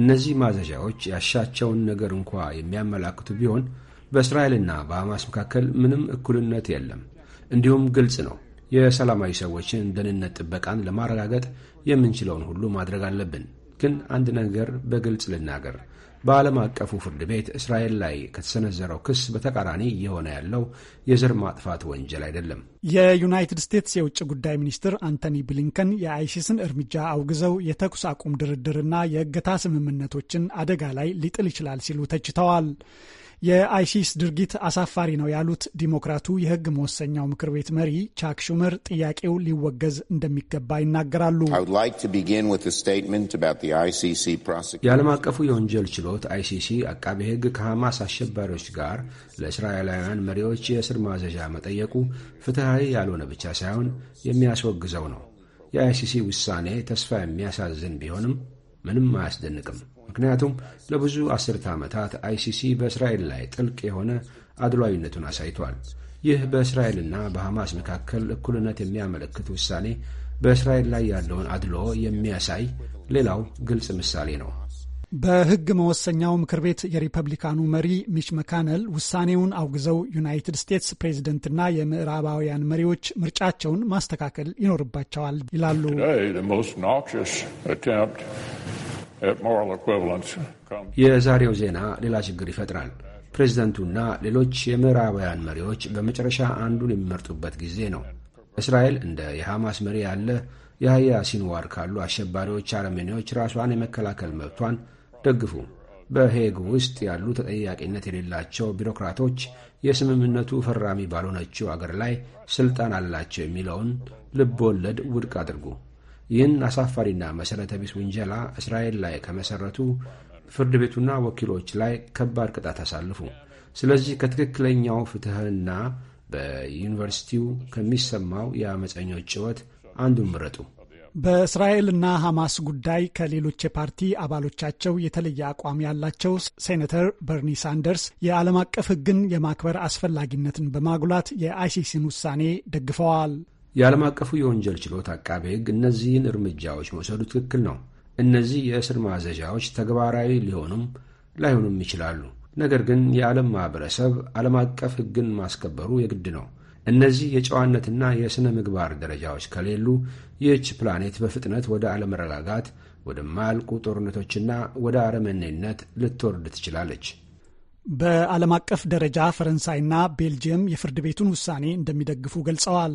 እነዚህ ማዘዣዎች ያሻቸውን ነገር እንኳ የሚያመላክቱ ቢሆን በእስራኤልና በሐማስ መካከል ምንም እኩልነት የለም። እንዲሁም ግልጽ ነው፣ የሰላማዊ ሰዎችን ደህንነት ጥበቃን ለማረጋገጥ የምንችለውን ሁሉ ማድረግ አለብን። ግን አንድ ነገር በግልጽ ልናገር በዓለም አቀፉ ፍርድ ቤት እስራኤል ላይ ከተሰነዘረው ክስ በተቃራኒ እየሆነ ያለው የዘር ማጥፋት ወንጀል አይደለም። የዩናይትድ ስቴትስ የውጭ ጉዳይ ሚኒስትር አንቶኒ ብሊንከን የአይሲስን እርምጃ አውግዘው የተኩስ አቁም ድርድርና የእገታ ስምምነቶችን አደጋ ላይ ሊጥል ይችላል ሲሉ ተችተዋል። የአይሲስ ድርጊት አሳፋሪ ነው ያሉት ዲሞክራቱ የህግ መወሰኛው ምክር ቤት መሪ ቻክ ሹመር ጥያቄው ሊወገዝ እንደሚገባ ይናገራሉ። የዓለም አቀፉ የወንጀል ችሎት አይሲሲ አቃቤ ህግ ከሐማስ አሸባሪዎች ጋር ለእስራኤላውያን መሪዎች የእስር ማዘዣ መጠየቁ ፍትሐዊ ያልሆነ ብቻ ሳይሆን የሚያስወግዘው ነው። የአይሲሲ ውሳኔ ተስፋ የሚያሳዝን ቢሆንም ምንም አያስደንቅም። ምክንያቱም ለብዙ አስርተ ዓመታት አይሲሲ በእስራኤል ላይ ጥልቅ የሆነ አድሏዊነቱን አሳይቷል። ይህ በእስራኤልና በሐማስ መካከል እኩልነት የሚያመለክት ውሳኔ በእስራኤል ላይ ያለውን አድሎ የሚያሳይ ሌላው ግልጽ ምሳሌ ነው። በሕግ መወሰኛው ምክር ቤት የሪፐብሊካኑ መሪ ሚች መካነል ውሳኔውን አውግዘው ዩናይትድ ስቴትስ ፕሬዝደንትና የምዕራባውያን መሪዎች ምርጫቸውን ማስተካከል ይኖርባቸዋል ይላሉ። የዛሬው ዜና ሌላ ችግር ይፈጥራል። ፕሬዝደንቱና ሌሎች የምዕራባውያን መሪዎች በመጨረሻ አንዱን የሚመርጡበት ጊዜ ነው። እስራኤል እንደ የሐማስ መሪ ያለ የሀያ ሲንዋር ካሉ አሸባሪዎች አረመኔዎች ራሷን የመከላከል መብቷን ደግፉ። በሄግ ውስጥ ያሉ ተጠያቂነት የሌላቸው ቢሮክራቶች የስምምነቱ ፈራሚ ባልሆነችው አገር ላይ ስልጣን አላቸው የሚለውን ልብ ወለድ ውድቅ አድርጉ። ይህን አሳፋሪና መሠረተ ቢስ ውንጀላ እስራኤል ላይ ከመሠረቱ ፍርድ ቤቱና ወኪሎች ላይ ከባድ ቅጣት አሳልፉ። ስለዚህ ከትክክለኛው ፍትህና በዩኒቨርሲቲው ከሚሰማው የአመፀኞች ጭወት አንዱን ምረጡ። በእስራኤልና ሐማስ ጉዳይ ከሌሎች የፓርቲ አባሎቻቸው የተለየ አቋም ያላቸው ሴኔተር በርኒ ሳንደርስ የዓለም አቀፍ ሕግን የማክበር አስፈላጊነትን በማጉላት የአይሲሲን ውሳኔ ደግፈዋል። የዓለም አቀፉ የወንጀል ችሎት አቃቤ ሕግ እነዚህን እርምጃዎች መውሰዱ ትክክል ነው። እነዚህ የእስር ማዘዣዎች ተግባራዊ ሊሆኑም ላይሆኑም ይችላሉ። ነገር ግን የዓለም ማኅበረሰብ ዓለም አቀፍ ሕግን ማስከበሩ የግድ ነው። እነዚህ የጨዋነትና የሥነ ምግባር ደረጃዎች ከሌሉ ይህች ፕላኔት በፍጥነት ወደ አለመረጋጋት፣ ወደማያልቁ ጦርነቶችና ወደ አረመኔነት ልትወርድ ትችላለች። በዓለም አቀፍ ደረጃ ፈረንሳይና ቤልጅየም የፍርድ ቤቱን ውሳኔ እንደሚደግፉ ገልጸዋል።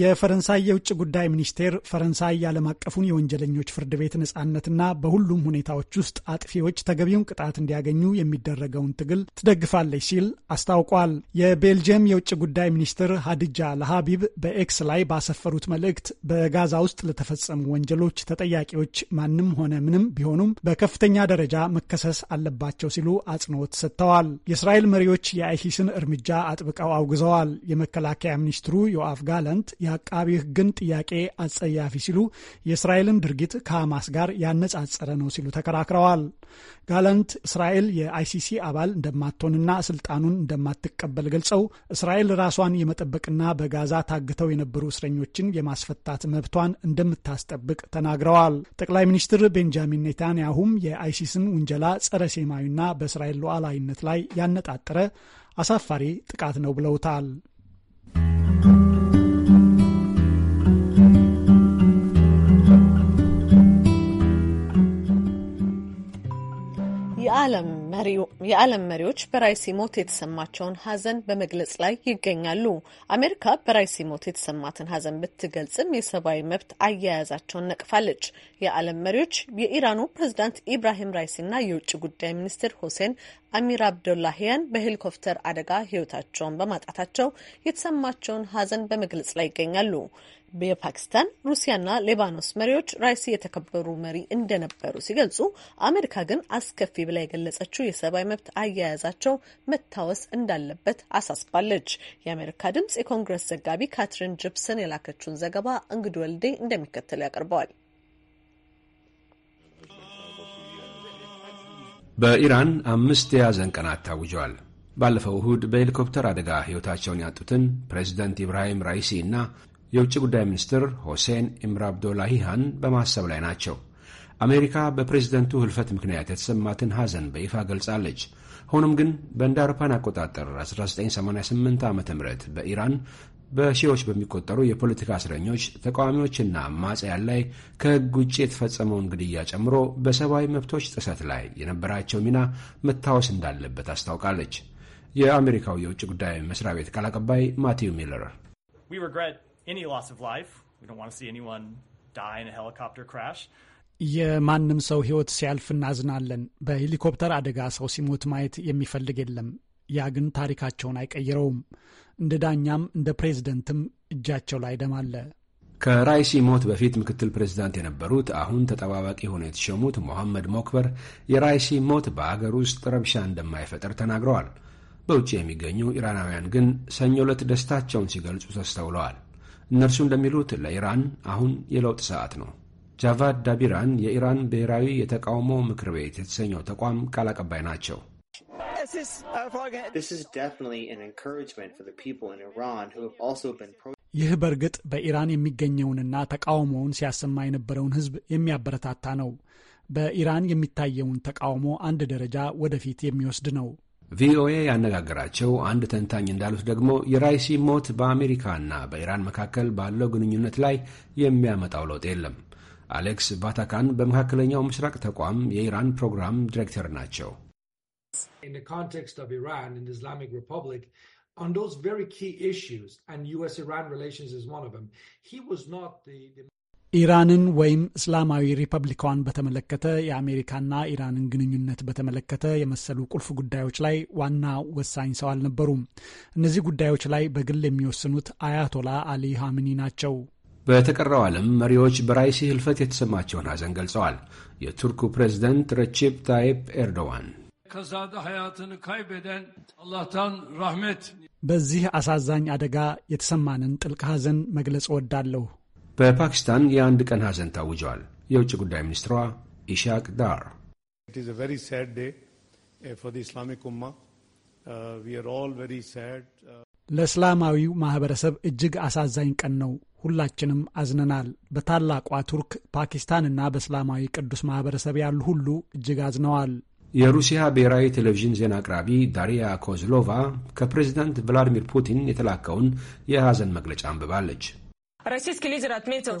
የፈረንሳይ የውጭ ጉዳይ ሚኒስቴር ፈረንሳይ የዓለም አቀፉን የወንጀለኞች ፍርድ ቤት ነጻነትና በሁሉም ሁኔታዎች ውስጥ አጥፊዎች ተገቢውን ቅጣት እንዲያገኙ የሚደረገውን ትግል ትደግፋለች ሲል አስታውቋል። የቤልጅየም የውጭ ጉዳይ ሚኒስትር ሀዲጃ ለሀቢብ በኤክስ ላይ ባሰፈሩት መልእክት በጋዛ ውስጥ ለተፈጸሙ ወንጀሎች ተጠያቂዎች ማንም ሆነ ምንም ቢሆኑም በከፍተኛ ደረጃ መከሰስ አለባቸው ሲሉ አጽንኦት ሰጥተዋል። የእስራኤል መሪዎች የአይሲስን እርምጃ አጥብቀው አውግዘዋል። የመከላከያ ሚኒስትሩ ዮአፍ ጋለንት የአቃቢ ሕግን ጥያቄ አጸያፊ ሲሉ የእስራኤልን ድርጊት ከሐማስ ጋር ያነጻጸረ ነው ሲሉ ተከራክረዋል። ጋላንት እስራኤል የአይሲሲ አባል እንደማትሆንና ስልጣኑን እንደማትቀበል ገልጸው እስራኤል ራሷን የመጠበቅና በጋዛ ታግተው የነበሩ እስረኞችን የማስፈታት መብቷን እንደምታስጠብቅ ተናግረዋል። ጠቅላይ ሚኒስትር ቤንጃሚን ኔታንያሁም የአይሲስን ውንጀላ ጸረ ሴማዊና በእስራኤል ሉዓላዊነት ላይ ያነጣጠረ አሳፋሪ ጥቃት ነው ብለውታል። የዓለም መሪዎች በራይሲ ሞት የተሰማቸውን ሀዘን በመግለጽ ላይ ይገኛሉ። አሜሪካ በራይሲ ሞት የተሰማትን ሀዘን ብትገልጽም የሰብአዊ መብት አያያዛቸውን ነቅፋለች። የዓለም መሪዎች የኢራኑ ፕሬዝዳንት ኢብራሂም ራይሲና የውጭ ጉዳይ ሚኒስትር ሁሴን አሚር አብዶላሂያን በሄሊኮፕተር አደጋ ህይወታቸውን በማጣታቸው የተሰማቸውን ሀዘን በመግለጽ ላይ ይገኛሉ። የፓኪስታን ሩሲያና ሌባኖስ መሪዎች ራይሲ የተከበሩ መሪ እንደነበሩ ሲገልጹ አሜሪካ ግን አስከፊ ብላ የገለጸችው የሰብአዊ መብት አያያዛቸው መታወስ እንዳለበት አሳስባለች። የአሜሪካ ድምጽ የኮንግረስ ዘጋቢ ካትሪን ጅፕሰን የላከችውን ዘገባ እንግድ ወልዴ እንደሚከተሉ ያቀርበዋል። በኢራን አምስት የያዘን ቀናት ታውጀዋል። ባለፈው እሁድ በሄሊኮፕተር አደጋ ሕይወታቸውን ያጡትን ፕሬዚደንት ኢብራሂም ራይሲ እና የውጭ ጉዳይ ሚኒስትር ሆሴን ኢምራብዶላሂሃን በማሰብ ላይ ናቸው። አሜሪካ በፕሬዝደንቱ ህልፈት ምክንያት የተሰማትን ሐዘን በይፋ ገልጻለች። ሆኖም ግን በእንደ አውሮፓን አቆጣጠር 1988 ዓ ም በኢራን በሺዎች በሚቆጠሩ የፖለቲካ እስረኞች ተቃዋሚዎችና አማጽያን ላይ ከሕግ ውጭ የተፈጸመውን ግድያ ጨምሮ በሰብአዊ መብቶች ጥሰት ላይ የነበራቸው ሚና መታወስ እንዳለበት አስታውቃለች። የአሜሪካው የውጭ ጉዳይ መስሪያ ቤት ቃል አቀባይ ማቴው ሚለር any loss of life. We don't want to see anyone die in a helicopter crash. የማንም ሰው ህይወት ሲያልፍ እናዝናለን። በሄሊኮፕተር አደጋ ሰው ሲሞት ማየት የሚፈልግ የለም። ያ ግን ታሪካቸውን አይቀይረውም። እንደ ዳኛም እንደ ፕሬዝደንትም እጃቸው ላይ ደም አለ። ከራይሲ ሞት በፊት ምክትል ፕሬዚዳንት የነበሩት አሁን ተጠባባቂ ሆነው የተሸሙት ሞሐመድ ሞክበር የራይሲ ሞት በአገር ውስጥ ረብሻ እንደማይፈጥር ተናግረዋል። በውጭ የሚገኙ ኢራናውያን ግን ሰኞ ዕለት ደስታቸውን ሲገልጹ ተስተውለዋል። እነርሱ እንደሚሉት ለኢራን አሁን የለውጥ ሰዓት ነው። ጃቫድ ዳቢራን የኢራን ብሔራዊ የተቃውሞ ምክር ቤት የተሰኘው ተቋም ቃል አቀባይ ናቸው። ይህ በእርግጥ በኢራን የሚገኘውንና ተቃውሞውን ሲያሰማ የነበረውን ሕዝብ የሚያበረታታ ነው። በኢራን የሚታየውን ተቃውሞ አንድ ደረጃ ወደፊት የሚወስድ ነው። ቪኦኤ ያነጋገራቸው አንድ ተንታኝ እንዳሉት ደግሞ የራይሲ ሞት በአሜሪካና በኢራን መካከል ባለው ግንኙነት ላይ የሚያመጣው ለውጥ የለም። አሌክስ ባታካን በመካከለኛው ምስራቅ ተቋም የኢራን ፕሮግራም ዲሬክተር ናቸው። ኢራንን ወይም እስላማዊ ሪፐብሊካዋን በተመለከተ የአሜሪካና ኢራንን ግንኙነት በተመለከተ የመሰሉ ቁልፍ ጉዳዮች ላይ ዋና ወሳኝ ሰው አልነበሩም። እነዚህ ጉዳዮች ላይ በግል የሚወስኑት አያቶላ አሊ ሀምኒ ናቸው። በተቀረው ዓለም መሪዎች በራይሲ ህልፈት የተሰማቸውን ሐዘን ገልጸዋል። የቱርኩ ፕሬዚደንት ረቺፕ ታይፕ ኤርዶዋን ከዛደ ሀያትን አላህታን ራህመት በዚህ አሳዛኝ አደጋ የተሰማንን ጥልቅ ሐዘን መግለጽ እወዳለሁ በፓኪስታን የአንድ ቀን ሐዘን ታውጀዋል። የውጭ ጉዳይ ሚኒስትሯ ኢሻቅ ዳር eh, uh, uh, ለእስላማዊው ማህበረሰብ እጅግ አሳዛኝ ቀን ነው። ሁላችንም አዝነናል። በታላቋ ቱርክ፣ ፓኪስታንና በእስላማዊ ቅዱስ ማህበረሰብ ያሉ ሁሉ እጅግ አዝነዋል። የሩሲያ ብሔራዊ ቴሌቪዥን ዜና አቅራቢ ዳሪያ ኮዝሎቫ ከፕሬዚዳንት ቭላዲሚር ፑቲን የተላከውን የሐዘን መግለጫ አንብባለች። Российский лидер отметил...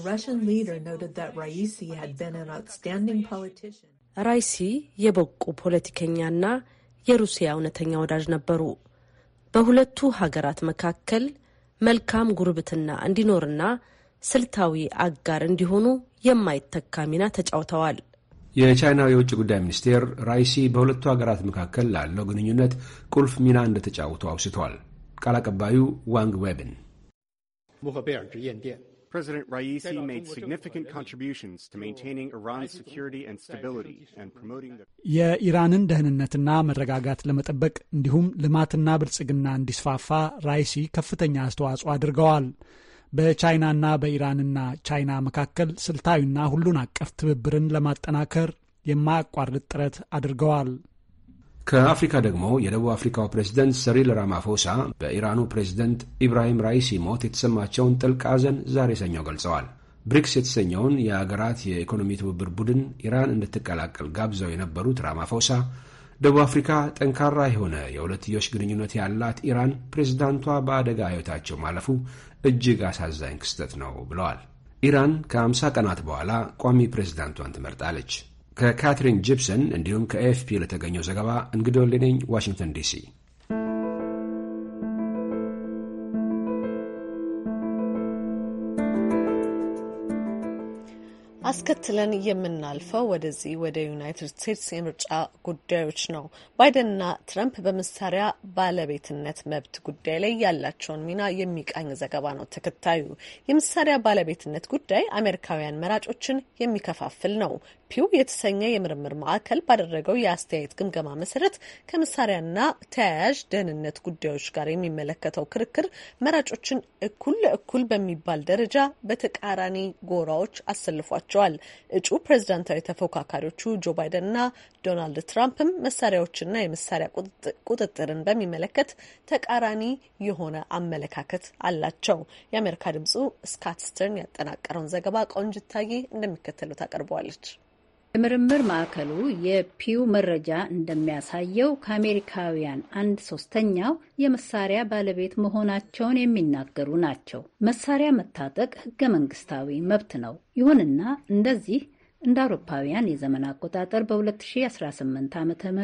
ራይሲ የበቁ ፖለቲከኛና የሩሲያ እውነተኛ ወዳጅ ነበሩ። በሁለቱ ሀገራት መካከል መልካም ጉርብትና እንዲኖርና ስልታዊ አጋር እንዲሆኑ የማይተካ ሚና ተጫውተዋል። የቻይናው የውጭ ጉዳይ ሚኒስቴር ራይሲ በሁለቱ ሀገራት መካከል ላለው ግንኙነት ቁልፍ ሚና እንደተጫወቱ አውስተዋል። ቃል አቀባዩ ዋንግ ዌብን President Raisi made significant contributions to maintaining Iran's security and stability and promoting the የኢራንን ደህንነትና መረጋጋት ለመጠበቅ እንዲሁም ልማትና ብልጽግና እንዲስፋፋ ራይሲ ከፍተኛ አስተዋጽኦ አድርገዋል። በቻይናና በኢራንና ቻይና መካከል ስልታዊና ሁሉን አቀፍ ትብብርን ለማጠናከር የማያቋርጥ ጥረት አድርገዋል። ከአፍሪካ ደግሞ የደቡብ አፍሪካው ፕሬዚደንት ሰሪል ራማፎሳ በኢራኑ ፕሬዚደንት ኢብራሂም ራይሲ ሞት የተሰማቸውን ጥልቅ ሐዘን ዛሬ ሰኞ ገልጸዋል። ብሪክስ የተሰኘውን የአገራት የኢኮኖሚ ትብብር ቡድን ኢራን እንድትቀላቀል ጋብዘው የነበሩት ራማፎሳ ደቡብ አፍሪካ ጠንካራ የሆነ የሁለትዮሽ ግንኙነት ያላት ኢራን ፕሬዝዳንቷ በአደጋ ሕይወታቸው ማለፉ እጅግ አሳዛኝ ክስተት ነው ብለዋል። ኢራን ከ50 ቀናት በኋላ ቋሚ ፕሬዝዳንቷን ትመርጣለች። ከካትሪን ጂፕሰን እንዲሁም ከኤፍፒ ለተገኘው ዘገባ እንግዶ ዋሽንግተን ዲሲ። አስከትለን የምናልፈው ወደዚህ ወደ ዩናይትድ ስቴትስ የምርጫ ጉዳዮች ነው። ባይደንና ትረምፕ በመሳሪያ ባለቤትነት መብት ጉዳይ ላይ ያላቸውን ሚና የሚቃኝ ዘገባ ነው ተከታዩ። የመሳሪያ ባለቤትነት ጉዳይ አሜሪካውያን መራጮችን የሚከፋፍል ነው። ፒው የተሰኘ የምርምር ማዕከል ባደረገው የአስተያየት ግምገማ መሰረት ከመሳሪያና ተያያዥ ደህንነት ጉዳዮች ጋር የሚመለከተው ክርክር መራጮችን እኩል ለእኩል በሚባል ደረጃ በተቃራኒ ጎራዎች አሰልፏቸዋል። እጩ ፕሬዝዳንታዊ ተፎካካሪዎቹ ጆ ባይደንና ዶናልድ ትራምፕም መሳሪያዎችና የመሳሪያ ቁጥጥርን በሚመለከት ተቃራኒ የሆነ አመለካከት አላቸው። የአሜሪካ ድምጹ ስካት ስተርን ያጠናቀረውን ዘገባ ቆንጅታዬ እንደሚከተሉት አቀርበዋለች። የምርምር ማዕከሉ የፒው መረጃ እንደሚያሳየው ከአሜሪካውያን አንድ ሶስተኛው የመሳሪያ ባለቤት መሆናቸውን የሚናገሩ ናቸው። መሳሪያ መታጠቅ ህገ መንግስታዊ መብት ነው። ይሁንና እንደዚህ እንደ አውሮፓውያን የዘመን አቆጣጠር በ2018 ዓ ም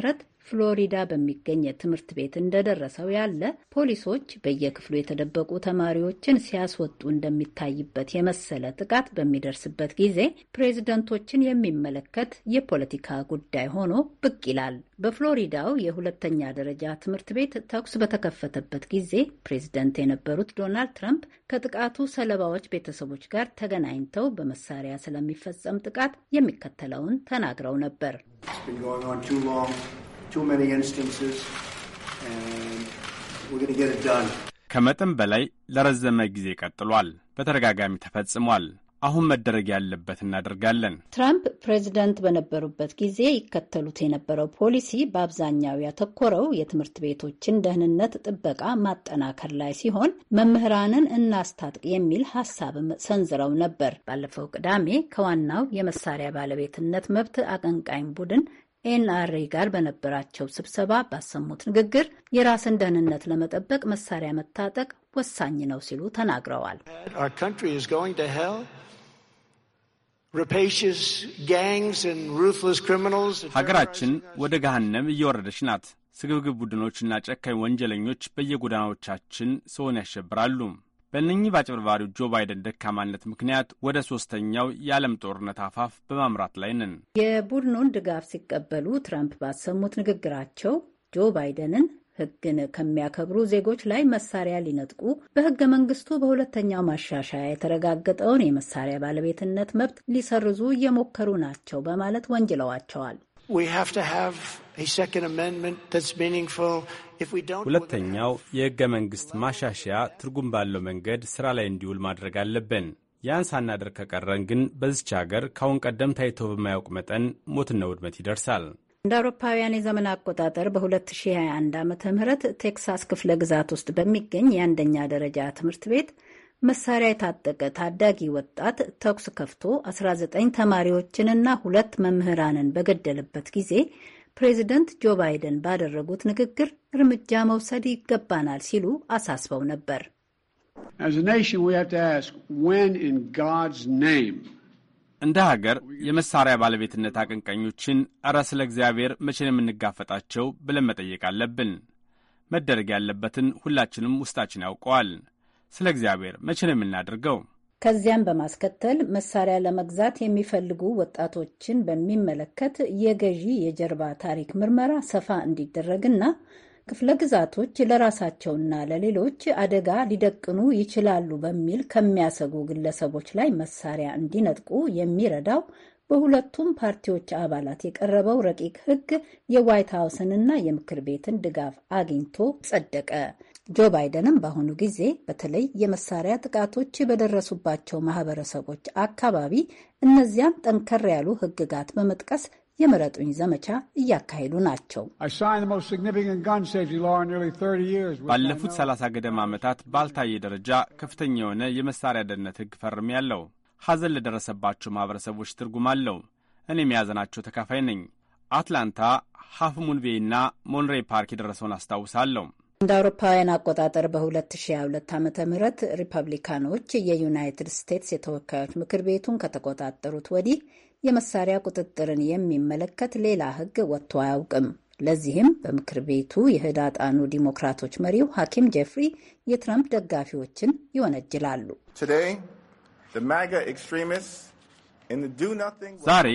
ፍሎሪዳ በሚገኝ ትምህርት ቤት እንደደረሰው ያለ ፖሊሶች በየክፍሉ የተደበቁ ተማሪዎችን ሲያስወጡ እንደሚታይበት የመሰለ ጥቃት በሚደርስበት ጊዜ ፕሬዝደንቶችን የሚመለከት የፖለቲካ ጉዳይ ሆኖ ብቅ ይላል። በፍሎሪዳው የሁለተኛ ደረጃ ትምህርት ቤት ተኩስ በተከፈተበት ጊዜ ፕሬዝደንት የነበሩት ዶናልድ ትራምፕ ከጥቃቱ ሰለባዎች ቤተሰቦች ጋር ተገናኝተው በመሳሪያ ስለሚፈጸም ጥቃት የሚከተለውን ተናግረው ነበር። too many instances, and we're going to get it done. ከመጠን በላይ ለረዘመ ጊዜ ቀጥሏል። በተደጋጋሚ ተፈጽሟል። አሁን መደረግ ያለበት እናደርጋለን። ትራምፕ ፕሬዚደንት በነበሩበት ጊዜ ይከተሉት የነበረው ፖሊሲ በአብዛኛው ያተኮረው የትምህርት ቤቶችን ደህንነት ጥበቃ ማጠናከር ላይ ሲሆን መምህራንን እናስታጥቅ የሚል ሀሳብም ሰንዝረው ነበር። ባለፈው ቅዳሜ ከዋናው የመሳሪያ ባለቤትነት መብት አቀንቃኝ ቡድን ኤንአርኤ ጋር በነበራቸው ስብሰባ ባሰሙት ንግግር የራስን ደህንነት ለመጠበቅ መሳሪያ መታጠቅ ወሳኝ ነው ሲሉ ተናግረዋል። ሀገራችን ወደ ገሃነም እየወረደች ናት። ስግብግብ ቡድኖችና ጨካኝ ወንጀለኞች በየጎዳናዎቻችን ሰውን ያሸብራሉ። በእነኚህ በአጭበርባሪው ጆ ባይደን ደካማነት ምክንያት ወደ ሶስተኛው የዓለም ጦርነት አፋፍ በማምራት ላይ ነን። የቡድኑን ድጋፍ ሲቀበሉ ትራምፕ ባሰሙት ንግግራቸው ጆ ባይደንን ሕግን ከሚያከብሩ ዜጎች ላይ መሳሪያ ሊነጥቁ በሕገ መንግስቱ በሁለተኛው ማሻሻያ የተረጋገጠውን የመሳሪያ ባለቤትነት መብት ሊሰርዙ እየሞከሩ ናቸው በማለት ወንጅለዋቸዋል። We have to have ሁለተኛው የሕገ መንግሥት ማሻሻያ ትርጉም ባለው መንገድ ሥራ ላይ እንዲውል ማድረግ አለብን። ያን ሳናደርግ ከቀረን ግን በዚች አገር ካሁን ቀደም ታይቶ በማያውቅ መጠን ሞትና ውድመት ይደርሳል። እንደ አውሮፓውያን የዘመን አቆጣጠር በ2021 ዓ ም ቴክሳስ ክፍለ ግዛት ውስጥ በሚገኝ የአንደኛ ደረጃ ትምህርት ቤት መሳሪያ የታጠቀ ታዳጊ ወጣት ተኩስ ከፍቶ 19 ተማሪዎችንና ሁለት መምህራንን በገደለበት ጊዜ ፕሬዚደንት ጆ ባይደን ባደረጉት ንግግር እርምጃ መውሰድ ይገባናል ሲሉ አሳስበው ነበር። እንደ ሀገር የመሳሪያ ባለቤትነት አቀንቃኞችን እረ ስለ እግዚአብሔር መቼን የምንጋፈጣቸው ብለን መጠየቅ አለብን። መደረግ ያለበትን ሁላችንም ውስጣችን ያውቀዋል። ስለ እግዚአብሔር መቼን የምናደርገው ከዚያም በማስከተል መሳሪያ ለመግዛት የሚፈልጉ ወጣቶችን በሚመለከት የገዢ የጀርባ ታሪክ ምርመራ ሰፋ እንዲደረግና ክፍለ ግዛቶች ለራሳቸውና ለሌሎች አደጋ ሊደቅኑ ይችላሉ በሚል ከሚያሰጉ ግለሰቦች ላይ መሳሪያ እንዲነጥቁ የሚረዳው በሁለቱም ፓርቲዎች አባላት የቀረበው ረቂቅ ሕግ የዋይት ሀውስንና የምክር ቤትን ድጋፍ አግኝቶ ጸደቀ። ጆ ባይደንም በአሁኑ ጊዜ በተለይ የመሳሪያ ጥቃቶች በደረሱባቸው ማህበረሰቦች አካባቢ እነዚያን ጠንከር ያሉ ሕግጋት በመጥቀስ የምረጡኝ ዘመቻ እያካሄዱ ናቸው። ባለፉት 30 ገደማ ዓመታት ባልታየ ደረጃ ከፍተኛ የሆነ የመሳሪያ ደህንነት ሕግ ፈርሜ ያለው ሐዘን ለደረሰባቸው ማኅበረሰቦች ትርጉም አለው። እኔም የያዘናቸው ተካፋይ ነኝ። አትላንታ፣ ሀፍ ሙንቬይና ሞንሬይ ፓርክ የደረሰውን አስታውሳለሁ። እንደ አውሮፓውያን አቆጣጠር በ2022 ዓ ም ሪፐብሊካኖች የዩናይትድ ስቴትስ የተወካዮች ምክር ቤቱን ከተቆጣጠሩት ወዲህ የመሳሪያ ቁጥጥርን የሚመለከት ሌላ ሕግ ወጥቶ አያውቅም። ለዚህም በምክር ቤቱ የህዳጣኑ ዲሞክራቶች መሪው ሐኪም ጄፍሪ የትራምፕ ደጋፊዎችን ይወነጅላሉ። ዛሬ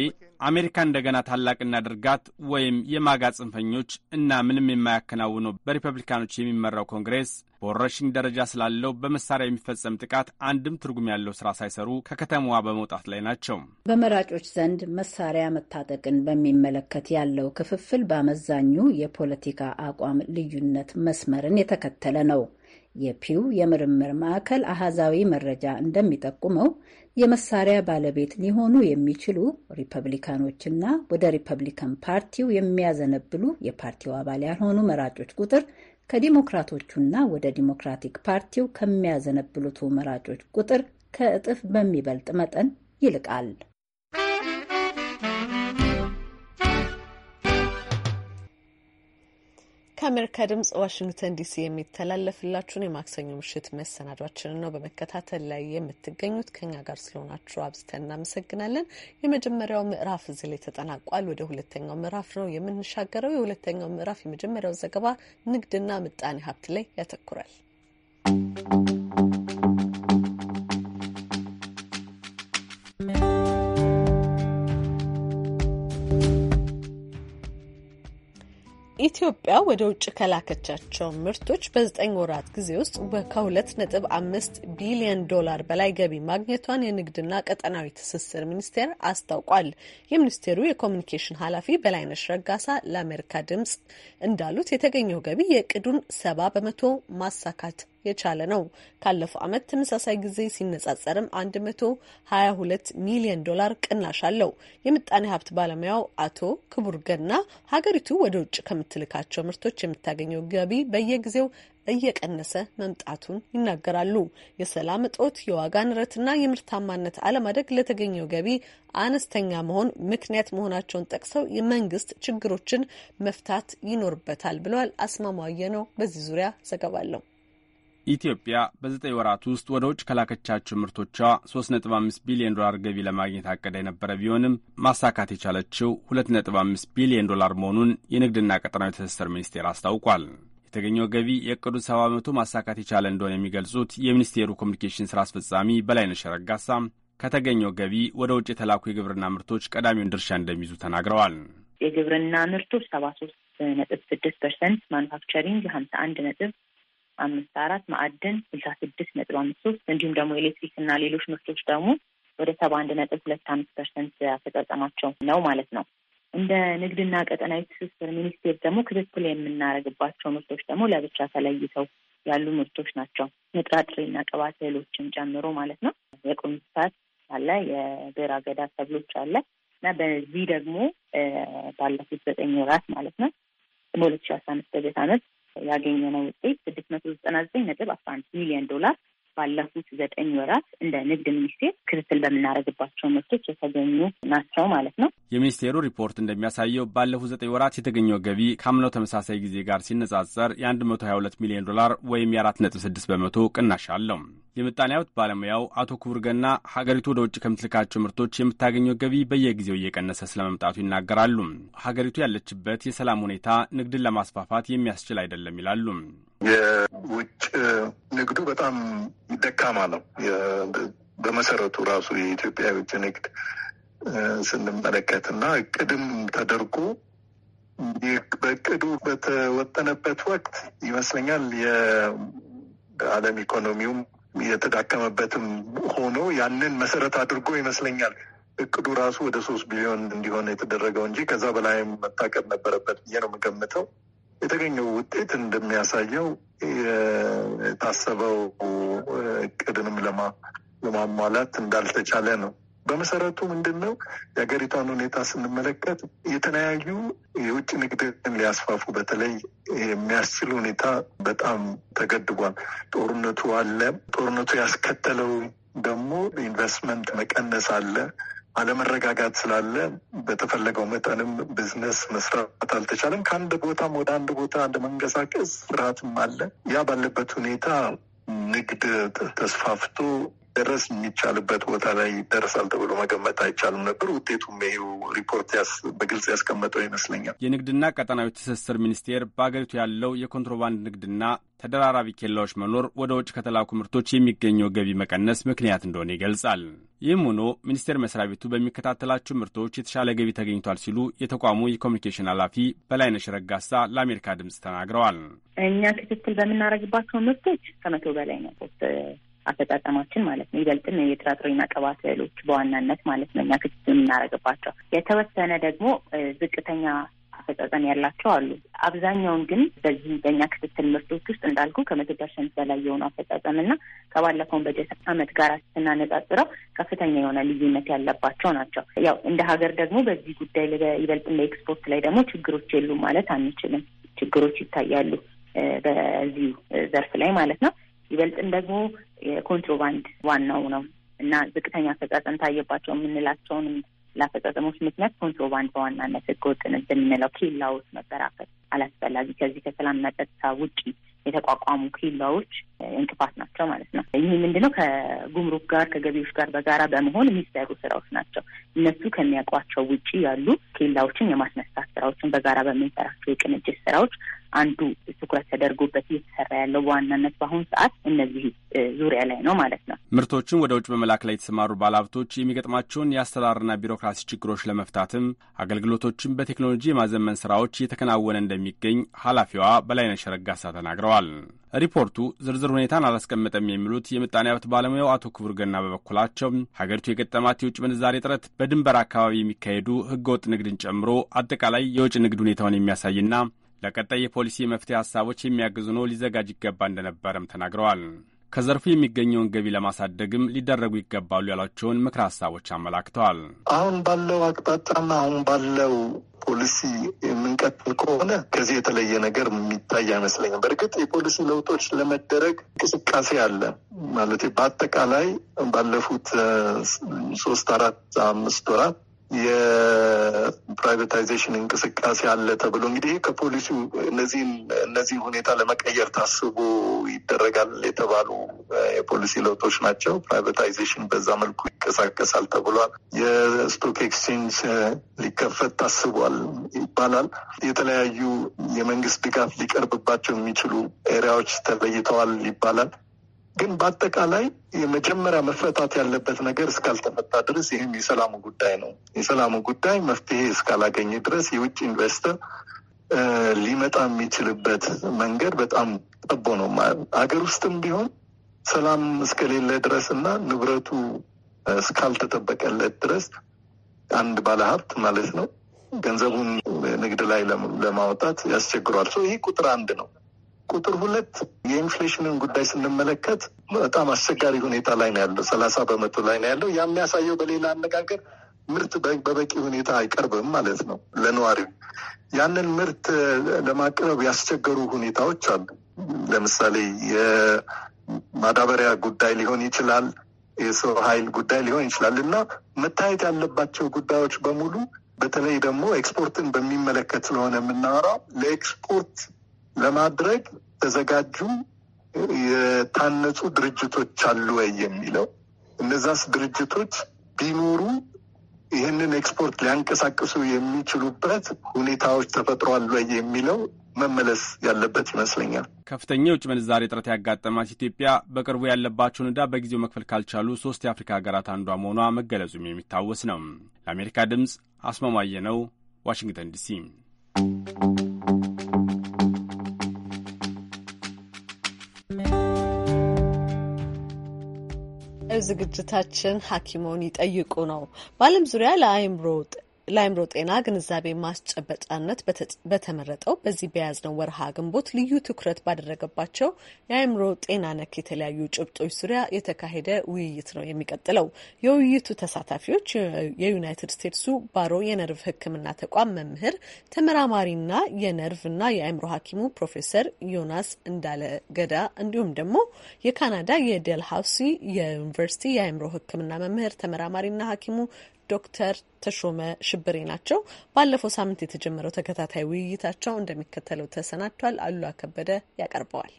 አሜሪካ እንደገና ታላቅ እናድርጋት ወይም የማጋ ጽንፈኞች እና ምንም የማያከናውነው በሪፐብሊካኖች የሚመራው ኮንግሬስ በወረርሽኝ ደረጃ ስላለው በመሳሪያ የሚፈጸም ጥቃት አንድም ትርጉም ያለው ስራ ሳይሰሩ ከከተማዋ በመውጣት ላይ ናቸው። በመራጮች ዘንድ መሳሪያ መታጠቅን በሚመለከት ያለው ክፍፍል በአመዛኙ የፖለቲካ አቋም ልዩነት መስመርን የተከተለ ነው። የፒው የምርምር ማዕከል አሃዛዊ መረጃ እንደሚጠቁመው የመሳሪያ ባለቤት ሊሆኑ የሚችሉ ሪፐብሊካኖችና ወደ ሪፐብሊካን ፓርቲው የሚያዘነብሉ የፓርቲው አባል ያልሆኑ መራጮች ቁጥር ከዲሞክራቶቹና ወደ ዲሞክራቲክ ፓርቲው ከሚያዘነብሉት መራጮች ቁጥር ከእጥፍ በሚበልጥ መጠን ይልቃል። ከአሜሪካ ድምጽ ዋሽንግተን ዲሲ የሚተላለፍላችሁን የማክሰኞ ምሽት መሰናዷችንን ነው በመከታተል ላይ የምትገኙት። ከኛ ጋር ስለሆናችሁ አብዝተን እናመሰግናለን። የመጀመሪያው ምዕራፍ እዚህ ላይ ተጠናቋል። ወደ ሁለተኛው ምዕራፍ ነው የምንሻገረው። የሁለተኛው ምዕራፍ የመጀመሪያው ዘገባ ንግድና ምጣኔ ሀብት ላይ ያተኩራል። ኢትዮጵያ ወደ ውጭ ከላከቻቸው ምርቶች በዘጠኝ ወራት ጊዜ ውስጥ ከሁለት ነጥብ ቢሊዮን ዶላር በላይ ገቢ ማግኘቷን የንግድና ቀጠናዊ ትስስር ሚኒስቴር አስታውቋል። የሚኒስቴሩ የኮሚኒኬሽን ኃላፊ በላይነሽ ረጋሳ ለአሜሪካ ድምጽ እንዳሉት የተገኘው ገቢ የእቅዱን ሰባ በመቶ ማሳካት የቻለ ነው። ካለፈው ዓመት ተመሳሳይ ጊዜ ሲነጻጸርም 122 ሚሊዮን ዶላር ቅናሽ አለው። የምጣኔ ሀብት ባለሙያው አቶ ክቡር ገና ሀገሪቱ ወደ ውጭ ከምትልካቸው ምርቶች የምታገኘው ገቢ በየጊዜው እየቀነሰ መምጣቱን ይናገራሉ። የሰላም እጦት፣ የዋጋ ንረትና የምርታማነት አለማደግ ለተገኘው ገቢ አነስተኛ መሆን ምክንያት መሆናቸውን ጠቅሰው የመንግስት ችግሮችን መፍታት ይኖርበታል ብለዋል። አስማማየ ነው በዚህ ዙሪያ ዘገባለሁ። ኢትዮጵያ በዘጠኝ ወራት ውስጥ ወደ ውጭ ከላከቻቸው ምርቶቿ 3.5 ቢሊዮን ዶላር ገቢ ለማግኘት አቀዳ የነበረ ቢሆንም ማሳካት የቻለችው 2.5 ቢሊዮን ዶላር መሆኑን የንግድና ቀጠናዊ ትስስር ሚኒስቴር አስታውቋል። የተገኘው ገቢ የእቅዱን 70 በመቶ ማሳካት የቻለ እንደሆነ የሚገልጹት የሚኒስቴሩ ኮሚኒኬሽን ስራ አስፈጻሚ በላይነሽ ረጋሳ ከተገኘው ገቢ ወደ ውጭ የተላኩ የግብርና ምርቶች ቀዳሚውን ድርሻ እንደሚይዙ ተናግረዋል። የግብርና ምርቶች ሰባ ሶስት ነጥብ ስድስት ፐርሰንት ማኑፋክቸሪንግ ሀምሳ አንድ ነጥብ አምስት አራት ማዕድን ስልሳ ስድስት ነጥብ አምስት ሶስት እንዲሁም ደግሞ ኤሌክትሪክ እና ሌሎች ምርቶች ደግሞ ወደ ሰባ አንድ ነጥብ ሁለት አምስት ፐርሰንት አፈጻጸማቸው ነው ማለት ነው። እንደ ንግድና ቀጠናዊ ትስስር ሚኒስቴር ደግሞ ክትትል የምናደርግባቸው ምርቶች ደግሞ ለብቻ ተለይተው ያሉ ምርቶች ናቸው። ንጥራጥሬና ቅባት እህሎችን ጨምሮ ማለት ነው። የቁምስታት አለ፣ የብር አገዳ ሰብሎች አለ እና በዚህ ደግሞ ባለፉት ዘጠኝ ወራት ማለት ነው በሁለት ሺ አስራ አምስት በጀት አመት ያገኘነው ውጤት ስድስት መቶ ዘጠና ዘጠኝ ነጥብ አስራ አንድ ሚሊዮን ዶላር ባለፉት ዘጠኝ ወራት እንደ ንግድ ሚኒስቴር ክትትል በምናደርግባቸው ምርቶች የተገኙ ናቸው ማለት ነው። የሚኒስቴሩ ሪፖርት እንደሚያሳየው ባለፉት ዘጠኝ ወራት የተገኘው ገቢ ከአምናው ተመሳሳይ ጊዜ ጋር ሲነጻጸር የ122 ሚሊዮን ዶላር ወይም የ4.6 በመቶ ቅናሽ አለው። የምጣኔ ሀብት ባለሙያው አቶ ክቡር ገና ሀገሪቱ ወደ ውጭ ከምትልካቸው ምርቶች የምታገኘው ገቢ በየጊዜው እየቀነሰ ስለመምጣቱ ይናገራሉ። ሀገሪቱ ያለችበት የሰላም ሁኔታ ንግድን ለማስፋፋት የሚያስችል አይደለም ይላሉ። የውጭ ንግዱ በጣም ደካማ ነው። በመሰረቱ ራሱ የኢትዮጵያ የውጭ ንግድ ስንመለከት እና እቅድም ተደርጎ በእቅዱ በተወጠነበት ወቅት ይመስለኛል የዓለም ኢኮኖሚውም የተዳከመበትም ሆኖ ያንን መሰረት አድርጎ ይመስለኛል እቅዱ ራሱ ወደ ሶስት ቢሊዮን እንዲሆን የተደረገው እንጂ ከዛ በላይም መታቀብ ነበረበት ብዬ ነው የምገምተው። የተገኘው ውጤት እንደሚያሳየው የታሰበው እቅድንም ለማሟላት እንዳልተቻለ ነው። በመሰረቱ ምንድን ነው የሀገሪቷን ሁኔታ ስንመለከት የተለያዩ የውጭ ንግድን ሊያስፋፉ በተለይ የሚያስችል ሁኔታ በጣም ተገድጓል። ጦርነቱ አለ። ጦርነቱ ያስከተለው ደግሞ ኢንቨስትመንት መቀነስ አለ። አለመረጋጋት ስላለ በተፈለገው መጠንም ቢዝነስ መስራት አልተቻለም። ከአንድ ቦታም ወደ አንድ ቦታ ለመንቀሳቀስ ፍርሃትም አለ። ያ ባለበት ሁኔታ ንግድ ተስፋፍቶ ደረስ የሚቻልበት ቦታ ላይ ይደረሳል ተብሎ መገመት አይቻልም ነበር። ውጤቱም ይሄው ሪፖርት በግልጽ ያስቀመጠው ይመስለኛል። የንግድና ቀጠናዊ ትስስር ሚኒስቴር በአገሪቱ ያለው የኮንትሮባንድ ንግድና ተደራራቢ ኬላዎች መኖር ወደ ውጭ ከተላኩ ምርቶች የሚገኘው ገቢ መቀነስ ምክንያት እንደሆነ ይገልጻል። ይህም ሆኖ ሚኒስቴር መስሪያ ቤቱ በሚከታተላቸው ምርቶች የተሻለ ገቢ ተገኝቷል ሲሉ የተቋሙ የኮሚኒኬሽን ኃላፊ በላይነሽ ረጋሳ ለአሜሪካ ድምፅ ተናግረዋል። እኛ ክትትል በምናደርግባቸው ምርቶች ከመቶ በላይ ነው አፈጻጸማችን ማለት ነው። ይበልጥም የጥራጥሬና ቅባት እህሎች በዋናነት ማለት ነው እኛ ክትትል የምናደርግባቸው። የተወሰነ ደግሞ ዝቅተኛ አፈጻጸም ያላቸው አሉ። አብዛኛውን ግን በዚህ በእኛ ክትትል ምርቶች ውስጥ እንዳልኩ ከመቶ ፐርሰንት በላይ የሆኑ አፈጻጸም እና ከባለፈውን በጀት አመት ጋር ስናነጻጽረው ከፍተኛ የሆነ ልዩነት ያለባቸው ናቸው። ያው እንደ ሀገር ደግሞ በዚህ ጉዳይ ይበልጥ ኤክስፖርት ላይ ደግሞ ችግሮች የሉም ማለት አንችልም። ችግሮች ይታያሉ በዚሁ ዘርፍ ላይ ማለት ነው። ይበልጥም ደግሞ የኮንትሮባንድ ዋናው ነው እና ዝቅተኛ አፈጻጸም ታየባቸው የምንላቸውን ለአፈጻጸሞች ምክንያት ኮንትሮባንድ በዋናነት ህገወጥ ንግድ የምንለው ኬላዎች መበራከት አላስፈላጊ ከዚህ ከሰላምና ጸጥታ ውጪ የተቋቋሙ ኬላዎች እንቅፋት ናቸው ማለት ነው። ይህ ምንድነው? ከጉምሩክ ጋር ከገቢዎች ጋር በጋራ በመሆን የሚሰሩ ስራዎች ናቸው። እነሱ ከሚያውቋቸው ውጪ ያሉ ኬላዎችን የማስነሳት ስራዎችን በጋራ በምንሰራቸው የቅንጅት ስራዎች አንዱ ትኩረት ተደርጎበት እየተሰራ ያለው በዋናነት በአሁኑ ሰዓት እነዚህ ዙሪያ ላይ ነው ማለት ነው። ምርቶችን ወደ ውጭ በመላክ ላይ የተሰማሩ ባለሀብቶች የሚገጥማቸውን የአሰራርና ቢሮክራሲ ችግሮች ለመፍታትም አገልግሎቶችን በቴክኖሎጂ የማዘመን ስራዎች እየተከናወነ እንደሚገኝ ኃላፊዋ በላይነሽ ሸረጋሳ ተናግረዋል። ሪፖርቱ ዝርዝር ሁኔታን አላስቀመጠም የሚሉት የምጣኔ ሀብት ባለሙያው አቶ ክቡር ገና በበኩላቸው ሀገሪቱ የገጠማት የውጭ ምንዛሬ እጥረት በድንበር አካባቢ የሚካሄዱ ህገወጥ ንግድን ጨምሮ አጠቃላይ የውጭ ንግድ ሁኔታውን የሚያሳይና ለቀጣይ የፖሊሲ መፍትሄ ሀሳቦች የሚያግዙ ነው ሊዘጋጅ ይገባ እንደነበረም ተናግረዋል። ከዘርፉ የሚገኘውን ገቢ ለማሳደግም ሊደረጉ ይገባሉ ያሏቸውን ምክረ ሀሳቦች አመላክተዋል። አሁን ባለው አቅጣጫና አሁን ባለው ፖሊሲ የምንቀጥል ከሆነ ከዚህ የተለየ ነገር የሚታይ አይመስለኝም። በእርግጥ የፖሊሲ ለውጦች ለመደረግ እንቅስቃሴ አለ ማለት በአጠቃላይ ባለፉት ሶስት አራት አምስት ወራት የፕራይቬታይዜሽን እንቅስቃሴ አለ ተብሎ እንግዲህ ከፖሊሱ እነዚህን እነዚህ ሁኔታ ለመቀየር ታስቦ ይደረጋል የተባሉ የፖሊሲ ለውጦች ናቸው። ፕራይቬታይዜሽን በዛ መልኩ ይንቀሳቀሳል ተብሏል። የስቶክ ኤክስቼንጅ ሊከፈት ታስቧል ይባላል። የተለያዩ የመንግስት ድጋፍ ሊቀርብባቸው የሚችሉ ኤሪያዎች ተለይተዋል ይባላል። ግን በአጠቃላይ የመጀመሪያ መፈታት ያለበት ነገር እስካልተፈታ ድረስ ይህም የሰላሙ ጉዳይ ነው። የሰላሙ ጉዳይ መፍትሄ እስካላገኘ ድረስ የውጭ ኢንቨስተር ሊመጣ የሚችልበት መንገድ በጣም ጠቦ ነው። ሀገር ውስጥም ቢሆን ሰላም እስከሌለ ድረስ እና ንብረቱ እስካልተጠበቀለት ድረስ አንድ ባለሀብት ማለት ነው ገንዘቡን ንግድ ላይ ለማውጣት ያስቸግሯል። ይህ ቁጥር አንድ ነው። ቁጥር ሁለት የኢንፍሌሽንን ጉዳይ ስንመለከት በጣም አስቸጋሪ ሁኔታ ላይ ነው ያለው። ሰላሳ በመቶ ላይ ነው ያለው። ያ የሚያሳየው በሌላ አነጋገር ምርት በበቂ ሁኔታ አይቀርብም ማለት ነው ለነዋሪው። ያንን ምርት ለማቅረብ ያስቸገሩ ሁኔታዎች አሉ። ለምሳሌ የማዳበሪያ ጉዳይ ሊሆን ይችላል፣ የሰው ኃይል ጉዳይ ሊሆን ይችላል እና መታየት ያለባቸው ጉዳዮች በሙሉ በተለይ ደግሞ ኤክስፖርትን በሚመለከት ስለሆነ የምናወራው ለኤክስፖርት ለማድረግ ተዘጋጁ የታነጹ ድርጅቶች አሉ ወይ የሚለው እነዛስ ድርጅቶች ቢኖሩ ይህንን ኤክስፖርት ሊያንቀሳቅሱ የሚችሉበት ሁኔታዎች ተፈጥሯል ወይ የሚለው መመለስ ያለበት ይመስለኛል። ከፍተኛ የውጭ ምንዛሬ እጥረት ያጋጠማት ኢትዮጵያ በቅርቡ ያለባቸውን ዕዳ በጊዜው መክፈል ካልቻሉ ሶስት የአፍሪካ ሀገራት አንዷ መሆኗ መገለጹም የሚታወስ ነው። ለአሜሪካ ድምፅ አስማማየ ነው፣ ዋሽንግተን ዲሲ። ዝግጅታችን ሐኪሞን ይጠይቁ ነው። በዓለም ዙሪያ ለአይምሮ ለአእምሮ ጤና ግንዛቤ ማስጨበጫነት በተመረጠው በዚህ በያዝነው ወርሃ ግንቦት ልዩ ትኩረት ባደረገባቸው የአእምሮ ጤና ነክ የተለያዩ ጭብጦች ዙሪያ የተካሄደ ውይይት ነው የሚቀጥለው። የውይይቱ ተሳታፊዎች የዩናይትድ ስቴትሱ ባሮ የነርቭ ሕክምና ተቋም መምህር ተመራማሪና የነርቭና የአእምሮ ሐኪሙ ፕሮፌሰር ዮናስ እንዳለ ገዳ እንዲሁም ደግሞ የካናዳ የደልሃውሲ የዩኒቨርሲቲ የአእምሮ ሕክምና መምህር ተመራማሪና ሐኪሙ ዶክተር ተሾመ ሽብሬ ናቸው። ባለፈው ሳምንት የተጀመረው ተከታታይ ውይይታቸው እንደሚከተለው ተሰናድቷል። አሉላ ከበደ ያቀርበዋል።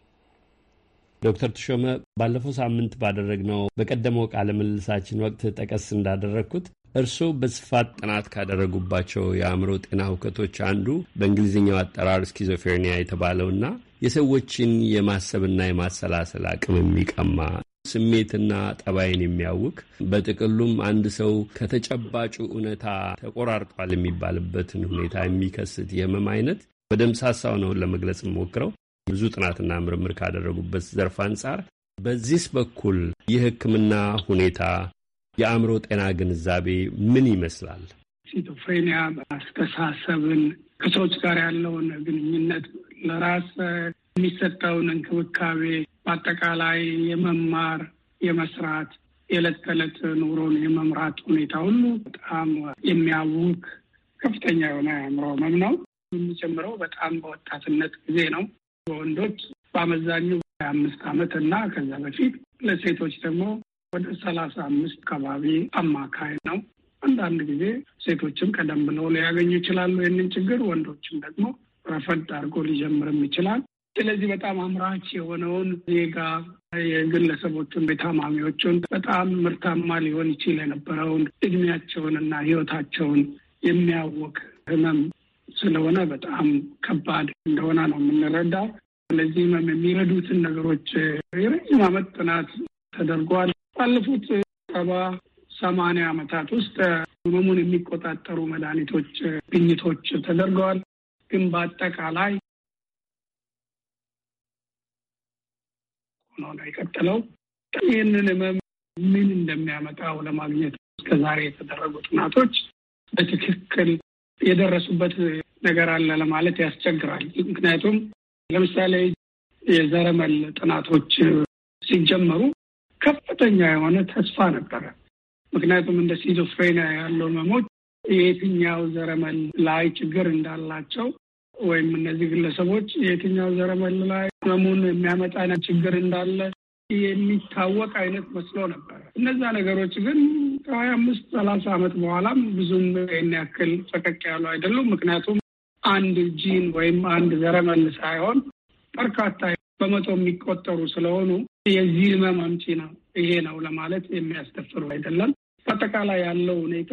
ዶክተር ተሾመ ባለፈው ሳምንት ባደረግነው በቀደመው ቃለ ምልልሳችን ወቅት ጠቀስ እንዳደረግኩት እርስዎ በስፋት ጥናት ካደረጉባቸው የአእምሮ ጤና እውከቶች አንዱ በእንግሊዝኛው አጠራር ስኪዞፌርኒያ የተባለውና የሰዎችን የማሰብና የማሰላሰል አቅም የሚቀማ ስሜትና ጠባይን የሚያውቅ በጥቅሉም አንድ ሰው ከተጨባጩ እውነታ ተቆራርጧል የሚባልበትን ሁኔታ የሚከስት የህመም አይነት በደምሳሳው ነው ለመግለጽ ሞክረው ብዙ ጥናትና ምርምር ካደረጉበት ዘርፍ አንጻር በዚህስ በኩል የህክምና ሁኔታ የአእምሮ ጤና ግንዛቤ ምን ይመስላል? ሲቶፍሬኒያ አስተሳሰብን፣ ከሰዎች ጋር ያለውን ግንኙነት፣ ለራስ የሚሰጠውን እንክብካቤ በአጠቃላይ የመማር የመስራት የዕለት ተዕለት ኑሮን የመምራት ሁኔታ ሁሉ በጣም የሚያውክ ከፍተኛ የሆነ አእምሮ ህመም ነው። የሚጀምረው በጣም በወጣትነት ጊዜ ነው። በወንዶች በአመዛኙ አምስት ዓመት እና ከዛ በፊት ለሴቶች ደግሞ ወደ ሰላሳ አምስት አካባቢ አማካይ ነው። አንዳንድ ጊዜ ሴቶችም ቀደም ብለው ሊያገኙ ይችላሉ ይህንን ችግር፣ ወንዶችም ደግሞ ረፈድ አድርጎ ሊጀምርም ይችላል። ስለዚህ በጣም አምራች የሆነውን ዜጋ የግለሰቦችን ቤታማሚዎቹን በጣም ምርታማ ሊሆን ይችል የነበረውን እድሜያቸውንና ህይወታቸውን የሚያወቅ ህመም ስለሆነ በጣም ከባድ እንደሆነ ነው የምንረዳ ስለዚህ ህመም የሚረዱትን ነገሮች የረዥም ዓመት ጥናት ተደርጓል። ባለፉት ሰባ ሰማንያ ዓመታት ውስጥ ህመሙን የሚቆጣጠሩ መድኃኒቶች ግኝቶች ተደርገዋል። ግን በአጠቃላይ ነው ነው የቀጠለው። ይህንን ህመም ምን እንደሚያመጣው ለማግኘት እስከዛሬ የተደረጉ ጥናቶች በትክክል የደረሱበት ነገር አለ ለማለት ያስቸግራል። ምክንያቱም ለምሳሌ የዘረመል ጥናቶች ሲጀመሩ ከፍተኛ የሆነ ተስፋ ነበረ። ምክንያቱም እንደ ሲዞፍሬኒያ ያለው ህመሞች የትኛው ዘረመል ላይ ችግር እንዳላቸው ወይም እነዚህ ግለሰቦች የትኛው ዘረመል ላይ ህመሙን የሚያመጣ አይነት ችግር እንዳለ የሚታወቅ አይነት መስሎ ነበር። እነዛ ነገሮች ግን ከሀያ አምስት ሰላሳ ዓመት በኋላም ብዙም ይህን ያክል ፈቀቅ ያሉ አይደሉም። ምክንያቱም አንድ ጂን ወይም አንድ ዘረመል ሳይሆን በርካታ በመቶ የሚቆጠሩ ስለሆኑ የዚህ ህመም አምጪ ነው ይሄ ነው ለማለት የሚያስደፍሩ አይደለም። በአጠቃላይ ያለው ሁኔታ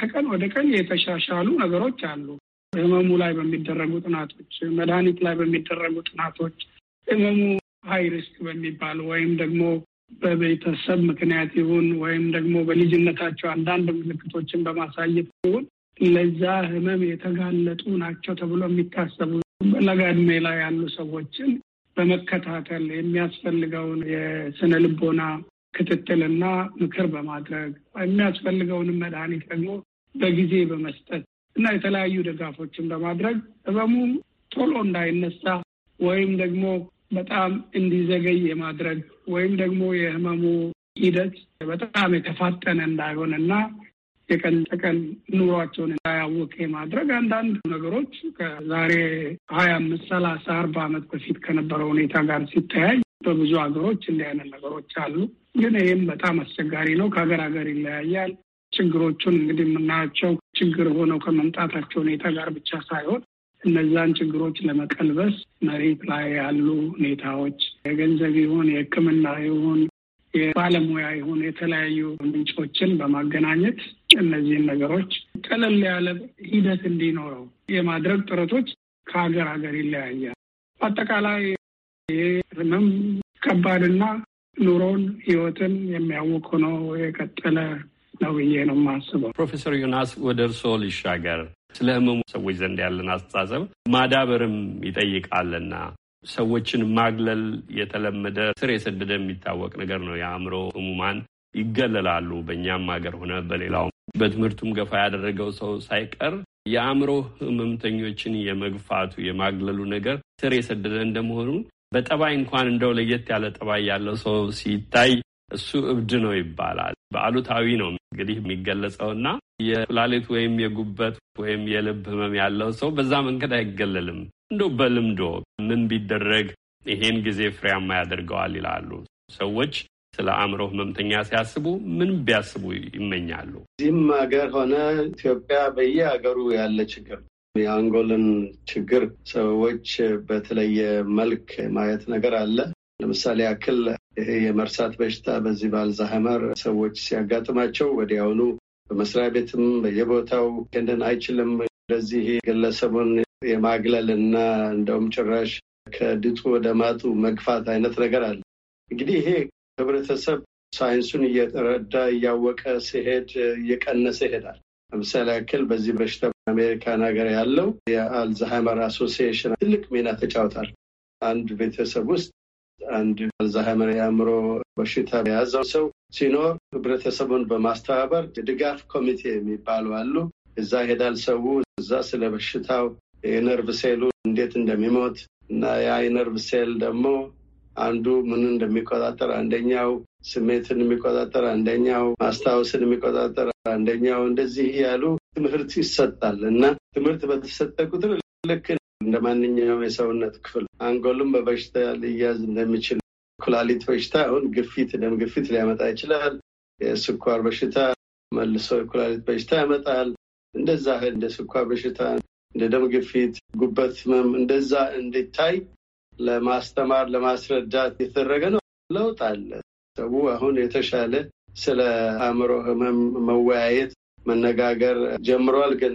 ከቀን ወደ ቀን የተሻሻሉ ነገሮች አሉ። ህመሙ ላይ በሚደረጉ ጥናቶች፣ መድኃኒት ላይ በሚደረጉ ጥናቶች ህመሙ ሀይ ሪስክ በሚባል ወይም ደግሞ በቤተሰብ ምክንያት ይሁን ወይም ደግሞ በልጅነታቸው አንዳንድ ምልክቶችን በማሳየት ይሁን ለዛ ህመም የተጋለጡ ናቸው ተብሎ የሚታሰቡ ለጋድሜ ላይ ያሉ ሰዎችን በመከታተል የሚያስፈልገውን የስነ ልቦና ክትትልና ምክር በማድረግ የሚያስፈልገውንም መድኃኒት ደግሞ በጊዜ በመስጠት እና የተለያዩ ድጋፎችን በማድረግ ህመሙ ቶሎ እንዳይነሳ ወይም ደግሞ በጣም እንዲዘገይ የማድረግ ወይም ደግሞ የህመሙ ሂደት በጣም የተፋጠነ እንዳይሆን እና የቀን ተቀን ኑሯቸውን እንዳያወቅ የማድረግ አንዳንድ ነገሮች ከዛሬ ሀያ አምስት ሰላሳ አርባ ዓመት በፊት ከነበረው ሁኔታ ጋር ሲተያይ በብዙ ሀገሮች እንዲህ አይነት ነገሮች አሉ። ግን ይህም በጣም አስቸጋሪ ነው። ከሀገር ሀገር ይለያያል። ችግሮቹን እንግዲህ የምናያቸው ችግር ሆነው ከመምጣታቸው ሁኔታ ጋር ብቻ ሳይሆን እነዛን ችግሮች ለመቀልበስ መሬት ላይ ያሉ ሁኔታዎች የገንዘብ ይሁን የሕክምና ይሁን የባለሙያ ይሁን የተለያዩ ምንጮችን በማገናኘት እነዚህን ነገሮች ቀለል ያለ ሂደት እንዲኖረው የማድረግ ጥረቶች ከሀገር ሀገር ይለያያል። በአጠቃላይ ይህ ህመም ከባድና ኑሮን ህይወትን የሚያውቅ ሆኖ የቀጠለ ነው ብዬ ነው የማስበው። ፕሮፌሰር ዮናስ ወደ እርስዎ ልሻገር። ስለ ህመሙ ሰዎች ዘንድ ያለን አስተሳሰብ ማዳበርም ይጠይቃልና ሰዎችን ማግለል የተለመደ ስር የሰደደ የሚታወቅ ነገር ነው። የአእምሮ ህሙማን ይገለላሉ። በእኛም ሀገር ሆነ በሌላው በትምህርቱም ገፋ ያደረገው ሰው ሳይቀር የአእምሮ ህመምተኞችን የመግፋቱ የማግለሉ ነገር ስር የሰደደ እንደመሆኑ በጠባይ እንኳን እንደው ለየት ያለ ጠባይ ያለው ሰው ሲታይ እሱ እብድ ነው ይባላል። በአሉታዊ ነው እንግዲህ የሚገለጸው እና የኩላሊት ወይም የጉበት ወይም የልብ ህመም ያለው ሰው በዛ መንገድ አይገለልም። እንደው በልምዶ ምን ቢደረግ ይሄን ጊዜ ፍሬያማ ያደርገዋል ይላሉ ሰዎች? ስለ አእምሮ ህመምተኛ ሲያስቡ ምን ቢያስቡ ይመኛሉ? እዚህም ሀገር ሆነ ኢትዮጵያ በየሀገሩ ያለ ችግር የአንጎልን ችግር ሰዎች በተለየ መልክ ማየት ነገር አለ። ለምሳሌ ያክል ይሄ የመርሳት በሽታ በዚህ በአልዛሃመር ሰዎች ሲያጋጥማቸው ወዲያውኑ በመስሪያ ቤትም በየቦታው ገንደን አይችልም እንደዚህ ግለሰቡን የማግለል እና እንደውም ጭራሽ ከድጡ ወደ ማጡ መግፋት አይነት ነገር አለ። እንግዲህ ይሄ ህብረተሰብ ሳይንሱን እየረዳ እያወቀ ሲሄድ እየቀነሰ ይሄዳል። ለምሳሌ ያክል በዚህ በሽታ አሜሪካን ሀገር ያለው የአልዛሃይመር አሶሲዬሽን ትልቅ ሚና ተጫውታል። አንድ ቤተሰብ ውስጥ አንድ አልዛሃይመር የአእምሮ በሽታ የያዘው ሰው ሲኖር ህብረተሰቡን በማስተባበር የድጋፍ ኮሚቴ የሚባሉ አሉ። እዛ ሄዳል ሰው እዛ ስለ በሽታው የነርቭ ሴሉ እንዴት እንደሚሞት እና ያ የነርቭ ሴል ደግሞ አንዱ ምን እንደሚቆጣጠር አንደኛው ስሜትን የሚቆጣጠር አንደኛው ማስታወስን የሚቆጣጠር አንደኛው እንደዚህ ያሉ ትምህርት ይሰጣል እና ትምህርት በተሰጠ ቁጥር ልክ እንደ ማንኛውም የሰውነት ክፍል አንጎልም በበሽታ ሊያዝ እንደሚችል ኩላሊት በሽታ አሁን ግፊት፣ ደም ግፊት ሊያመጣ ይችላል። የስኳር በሽታ መልሶ የኩላሊት በሽታ ያመጣል። እንደዛ እንደ ስኳር በሽታ እንደ ደም ግፊት፣ ጉበት ህመም እንደዛ እንዲታይ ለማስተማር ለማስረዳት የተደረገ ነው። ለውጥ አለ። ሰው አሁን የተሻለ ስለ አእምሮ ህመም መወያየት መነጋገር ጀምሯል። ግን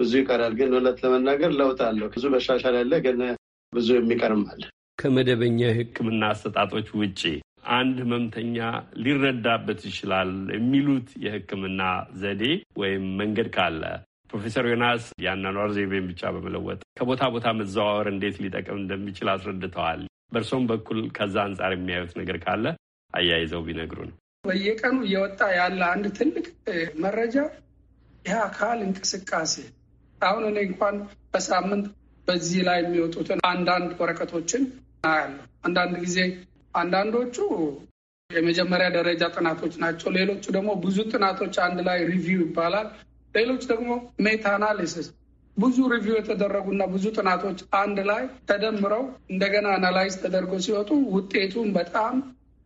ብዙ ይቀራል። ግን እውነት ለመናገር ለውጥ አለው። ብዙ መሻሻል ያለ ግን ብዙ የሚቀርማል። ከመደበኛ የሕክምና አሰጣጦች ውጪ አንድ ህመምተኛ ሊረዳበት ይችላል የሚሉት የሕክምና ዘዴ ወይም መንገድ ካለ ፕሮፌሰር ዮናስ የአኗኗር ዘይቤን ብቻ በመለወጥ ከቦታ ቦታ መዘዋወር እንዴት ሊጠቅም እንደሚችል አስረድተዋል። በእርሶም በኩል ከዛ አንጻር የሚያዩት ነገር ካለ አያይዘው ቢነግሩን። በየቀኑ እየወጣ ያለ አንድ ትልቅ መረጃ የአካል እንቅስቃሴ አሁን እኔ እንኳን በሳምንት በዚህ ላይ የሚወጡትን አንዳንድ ወረቀቶችን አያለሁ። አንዳንድ ጊዜ አንዳንዶቹ የመጀመሪያ ደረጃ ጥናቶች ናቸው። ሌሎቹ ደግሞ ብዙ ጥናቶች አንድ ላይ ሪቪው ይባላል። ሌሎች ደግሞ ሜታ አናሊሲስ ብዙ ሪቪው የተደረጉና ብዙ ጥናቶች አንድ ላይ ተደምረው እንደገና አናላይዝ ተደርገው ሲወጡ ውጤቱን በጣም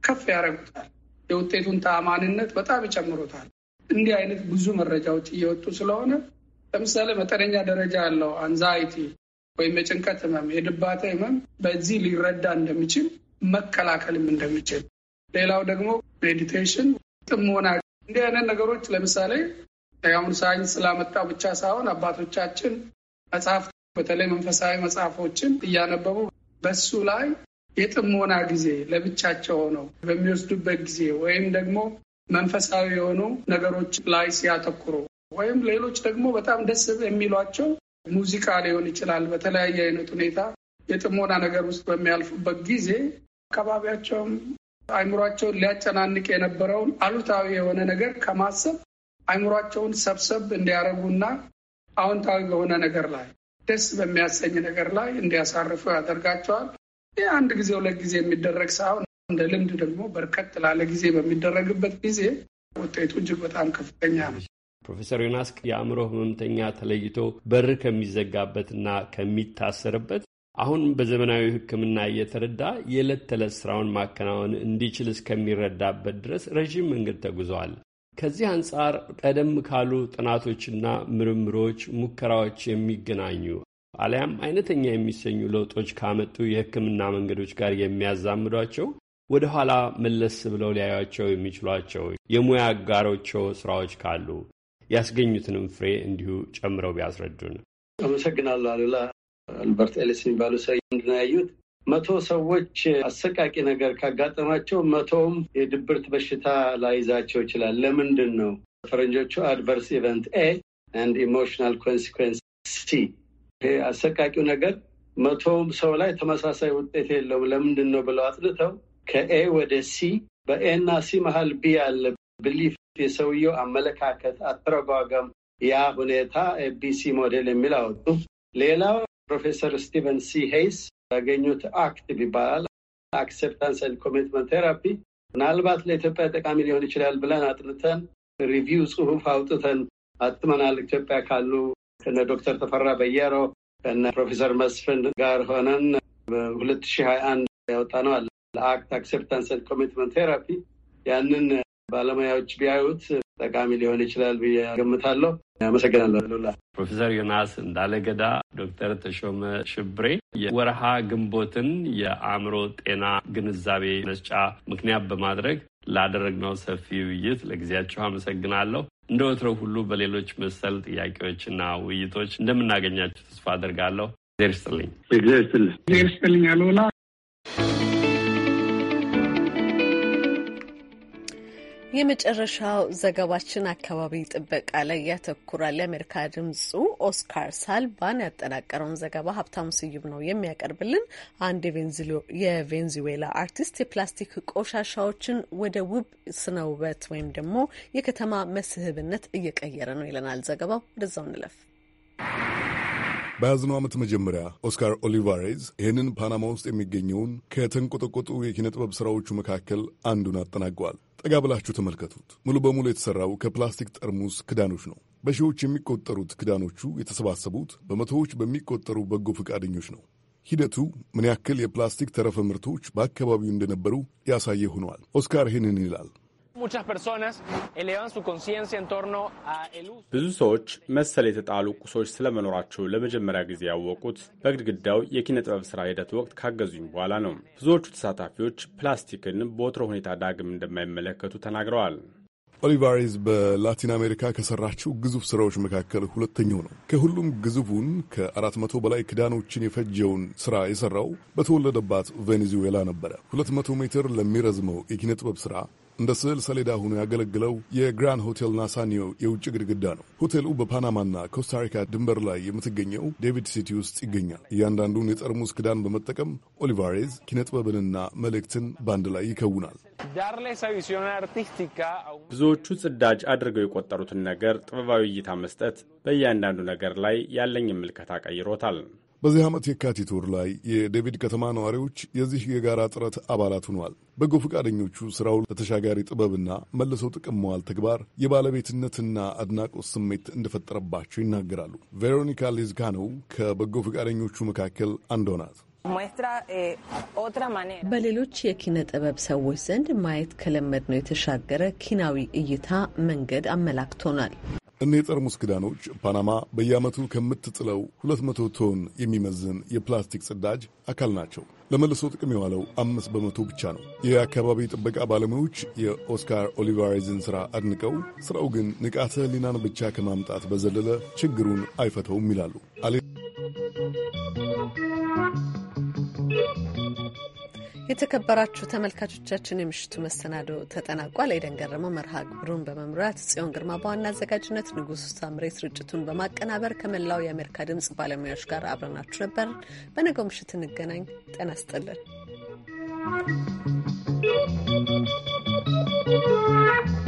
ከፍ ያደርጉታል። የውጤቱን ተአማንነት በጣም ይጨምሩታል። እንዲህ አይነት ብዙ መረጃዎች እየወጡ ስለሆነ ለምሳሌ መጠነኛ ደረጃ ያለው አንዛይቲ ወይም የጭንቀት ህመም፣ የድባተ ህመም በዚህ ሊረዳ እንደሚችል መከላከልም እንደሚችል፣ ሌላው ደግሞ ሜዲቴሽን፣ ጥሞና እንዲህ አይነት ነገሮች ለምሳሌ አሁን ሳይንስ ስላመጣው ብቻ ሳይሆን አባቶቻችን መጽሐፍ በተለይ መንፈሳዊ መጽሐፎችን እያነበቡ በሱ ላይ የጥሞና ጊዜ ለብቻቸው ሆነው በሚወስዱበት ጊዜ ወይም ደግሞ መንፈሳዊ የሆኑ ነገሮች ላይ ሲያተኩሩ ወይም ሌሎች ደግሞ በጣም ደስ የሚሏቸው ሙዚቃ ሊሆን ይችላል። በተለያየ አይነት ሁኔታ የጥሞና ነገር ውስጥ በሚያልፉበት ጊዜ አካባቢያቸውም አይምሯቸውን ሊያጨናንቅ የነበረውን አሉታዊ የሆነ ነገር ከማሰብ አይምሯቸውን ሰብሰብ እንዲያደርጉና አዎንታዊ በሆነ ነገር ላይ ደስ በሚያሰኝ ነገር ላይ እንዲያሳርፉ ያደርጋቸዋል። ይህ አንድ ጊዜ ሁለት ጊዜ የሚደረግ ሳይሆን እንደ ልምድ ደግሞ በርከት ላለ ጊዜ በሚደረግበት ጊዜ ውጤቱ እጅግ በጣም ከፍተኛ ነው። ፕሮፌሰር ዮናስ የአእምሮ ህመምተኛ ተለይቶ በር ከሚዘጋበትና ከሚታሰርበት አሁን በዘመናዊ ሕክምና እየተረዳ የዕለት ተዕለት ስራውን ማከናወን እንዲችል እስከሚረዳበት ድረስ ረዥም መንገድ ተጉዘዋል። ከዚህ አንጻር ቀደም ካሉ ጥናቶችና ምርምሮች፣ ሙከራዎች የሚገናኙ አሊያም አይነተኛ የሚሰኙ ለውጦች ካመጡ የሕክምና መንገዶች ጋር የሚያዛምዷቸው ወደ ኋላ መለስ ብለው ሊያዩቸው የሚችሏቸው የሙያ አጋሮቸው ስራዎች ካሉ ያስገኙትንም ፍሬ እንዲሁ ጨምረው ቢያስረዱን። አመሰግናለሁ። አሉላ አልበርት ኤሊስ የሚባሉ ሰው እንድናያዩት መቶ ሰዎች አሰቃቂ ነገር ካጋጠማቸው መቶውም የድብርት በሽታ ላይዛቸው ይችላል። ለምንድን ነው ፈረንጆቹ አድቨርስ ኢቨንት ኤ አንድ ኢሞሽናል ኮንሲኩዌንስ ሲ። ይሄ አሰቃቂው ነገር መቶውም ሰው ላይ ተመሳሳይ ውጤት የለውም። ለምንድን ነው ብለው አጥልተው ከኤ ወደ ሲ በኤ ሲ መሀል ቢ አለ። ብሊፍ የሰውየው አመለካከት፣ አተረጓገም ያ ሁኔታ ኤቢሲ ሞዴል የሚል አወጡ። ሌላው ፕሮፌሰር ስቲቨን ሲ ሄይስ ያገኙት አክት ይባላል። አክሴፕታንስ ኤንድ ኮሚትመንት ቴራፒ ምናልባት ለኢትዮጵያ ጠቃሚ ሊሆን ይችላል ብለን አጥንተን ሪቪው ጽሁፍ አውጥተን አትመናል። ኢትዮጵያ ካሉ ከነ ዶክተር ተፈራ በየሮ ከነ ፕሮፌሰር መስፍን ጋር ሆነን በሁለት ሺህ ሀያ አንድ ያወጣ ነው አለ ለአክት አክሴፕታንስ ኤንድ ኮሚትመንት ቴራፒ ያንን ባለሙያዎች ቢያዩት ጠቃሚ ሊሆን ይችላል ብዬ ገምታለሁ። አመሰግናለሁ ሉላ። ፕሮፌሰር ዮናስ እንዳለገዳ፣ ዶክተር ተሾመ ሽብሬ የወርሃ ግንቦትን የአእምሮ ጤና ግንዛቤ መስጫ ምክንያት በማድረግ ላደረግነው ሰፊ ውይይት ለጊዜያችሁ አመሰግናለሁ። እንደ ወትረው ሁሉ በሌሎች መሰል ጥያቄዎችና ውይይቶች እንደምናገኛቸው ተስፋ አድርጋለሁ። እግዜር ይስጥልኝ። እግዜር ይስጥልኝ። የመጨረሻው ዘገባችን አካባቢ ጥበቃ ላይ ያተኩራል። የአሜሪካ ድምፁ ኦስካር ሳልባን ያጠናቀረውን ዘገባ ሀብታሙ ስዩም ነው የሚያቀርብልን። አንድ የቬንዙዌላ አርቲስት የፕላስቲክ ቆሻሻዎችን ወደ ውብ ስነ ውበት ወይም ደግሞ የከተማ መስህብነት እየቀየረ ነው ይለናል ዘገባው። ወደዛው እንለፍ። በያዝነው ዓመት መጀመሪያ ኦስካር ኦሊቫሬዝ ይህንን ፓናማ ውስጥ የሚገኘውን ከተንቆጠቆጡ የኪነ ጥበብ ሥራዎቹ መካከል አንዱን አጠናቀዋል። ጠጋ ብላችሁ ተመልከቱት። ሙሉ በሙሉ የተሠራው ከፕላስቲክ ጠርሙስ ክዳኖች ነው። በሺዎች የሚቆጠሩት ክዳኖቹ የተሰባሰቡት በመቶዎች በሚቆጠሩ በጎ ፈቃደኞች ነው። ሂደቱ ምን ያክል የፕላስቲክ ተረፈ ምርቶች በአካባቢው እንደነበሩ ያሳየ ሆኗል። ኦስካር ይህንን ይላል። ብዙ ሰዎች መሰል የተጣሉ ቁሶች ስለመኖራቸው ለመጀመሪያ ጊዜ ያወቁት በግድግዳው የኪነ ጥበብ ስራ ሂደት ወቅት ካገዙኝ በኋላ ነው። ብዙዎቹ ተሳታፊዎች ፕላስቲክን በወትሮ ሁኔታ ዳግም እንደማይመለከቱ ተናግረዋል። ኦሊቫሬዝ በላቲን አሜሪካ ከሰራቸው ግዙፍ ስራዎች መካከል ሁለተኛው ነው። ከሁሉም ግዙፉን ከአራት መቶ በላይ ክዳኖችን የፈጀውን ስራ የሰራው በተወለደባት ቬኔዙዌላ ነበረ። ሁለት መቶ ሜትር ለሚረዝመው የኪነ ጥበብ ስራ እንደ ስዕል ሰሌዳ ሆኖ ያገለግለው የግራን ሆቴል ናሳኒዮ የውጭ ግድግዳ ነው። ሆቴሉ በፓናማና ኮስታሪካ ድንበር ላይ የምትገኘው ዴቪድ ሲቲ ውስጥ ይገኛል። እያንዳንዱን የጠርሙስ ክዳን በመጠቀም ኦሊቫሬዝ ኪነጥበብንና መልእክትን በአንድ ላይ ይከውናል። ብዙዎቹ ጽዳጅ አድርገው የቆጠሩትን ነገር ጥበባዊ እይታ መስጠት በእያንዳንዱ ነገር ላይ ያለኝ ምልከታ ቀይሮታል። በዚህ ዓመት የካቲት ወር ላይ የዴቪድ ከተማ ነዋሪዎች የዚህ የጋራ ጥረት አባላት ሆኗል። በጎ ፈቃደኞቹ ስራውን ለተሻጋሪ ጥበብና መልሶ ጥቅም መዋል ተግባር የባለቤትነትና አድናቆት ስሜት እንደፈጠረባቸው ይናገራሉ። ቬሮኒካ ሌዝጋኖው ከበጎ ፈቃደኞቹ መካከል አንዷ ናት። eh, በሌሎች የኪነ ጥበብ ሰዎች ዘንድ ማየት ከለመድነው የተሻገረ ኪናዊ እይታ መንገድ አመላክቶናል። እኔ የጠርሙስ ክዳኖች ፓናማ በየዓመቱ ከምትጥለው 200 ቶን የሚመዝን የፕላስቲክ ጽዳጅ አካል ናቸው። ለመልሶ ጥቅም የዋለው አምስት በመቶ ብቻ ነው። የአካባቢ ጥበቃ ባለሙያዎች የኦስካር ኦሊቫሬዝን ሥራ አድንቀው ሥራው ግን ንቃተ ሊናን ብቻ ከማምጣት በዘለለ ችግሩን አይፈተውም ይላሉ። የተከበራችሁ ተመልካቾቻችን የምሽቱ መሰናዶ ተጠናቋል። ኤደን ገረመው መርሃ ግብሩን በመምራት ጽዮን ግርማ በዋና አዘጋጅነት፣ ንጉሱ ሳምሬ ስርጭቱን በማቀናበር ከመላው የአሜሪካ ድምፅ ባለሙያዎች ጋር አብረናችሁ ነበር። በነገው ምሽት እንገናኝ። ጤና ይስጥልን።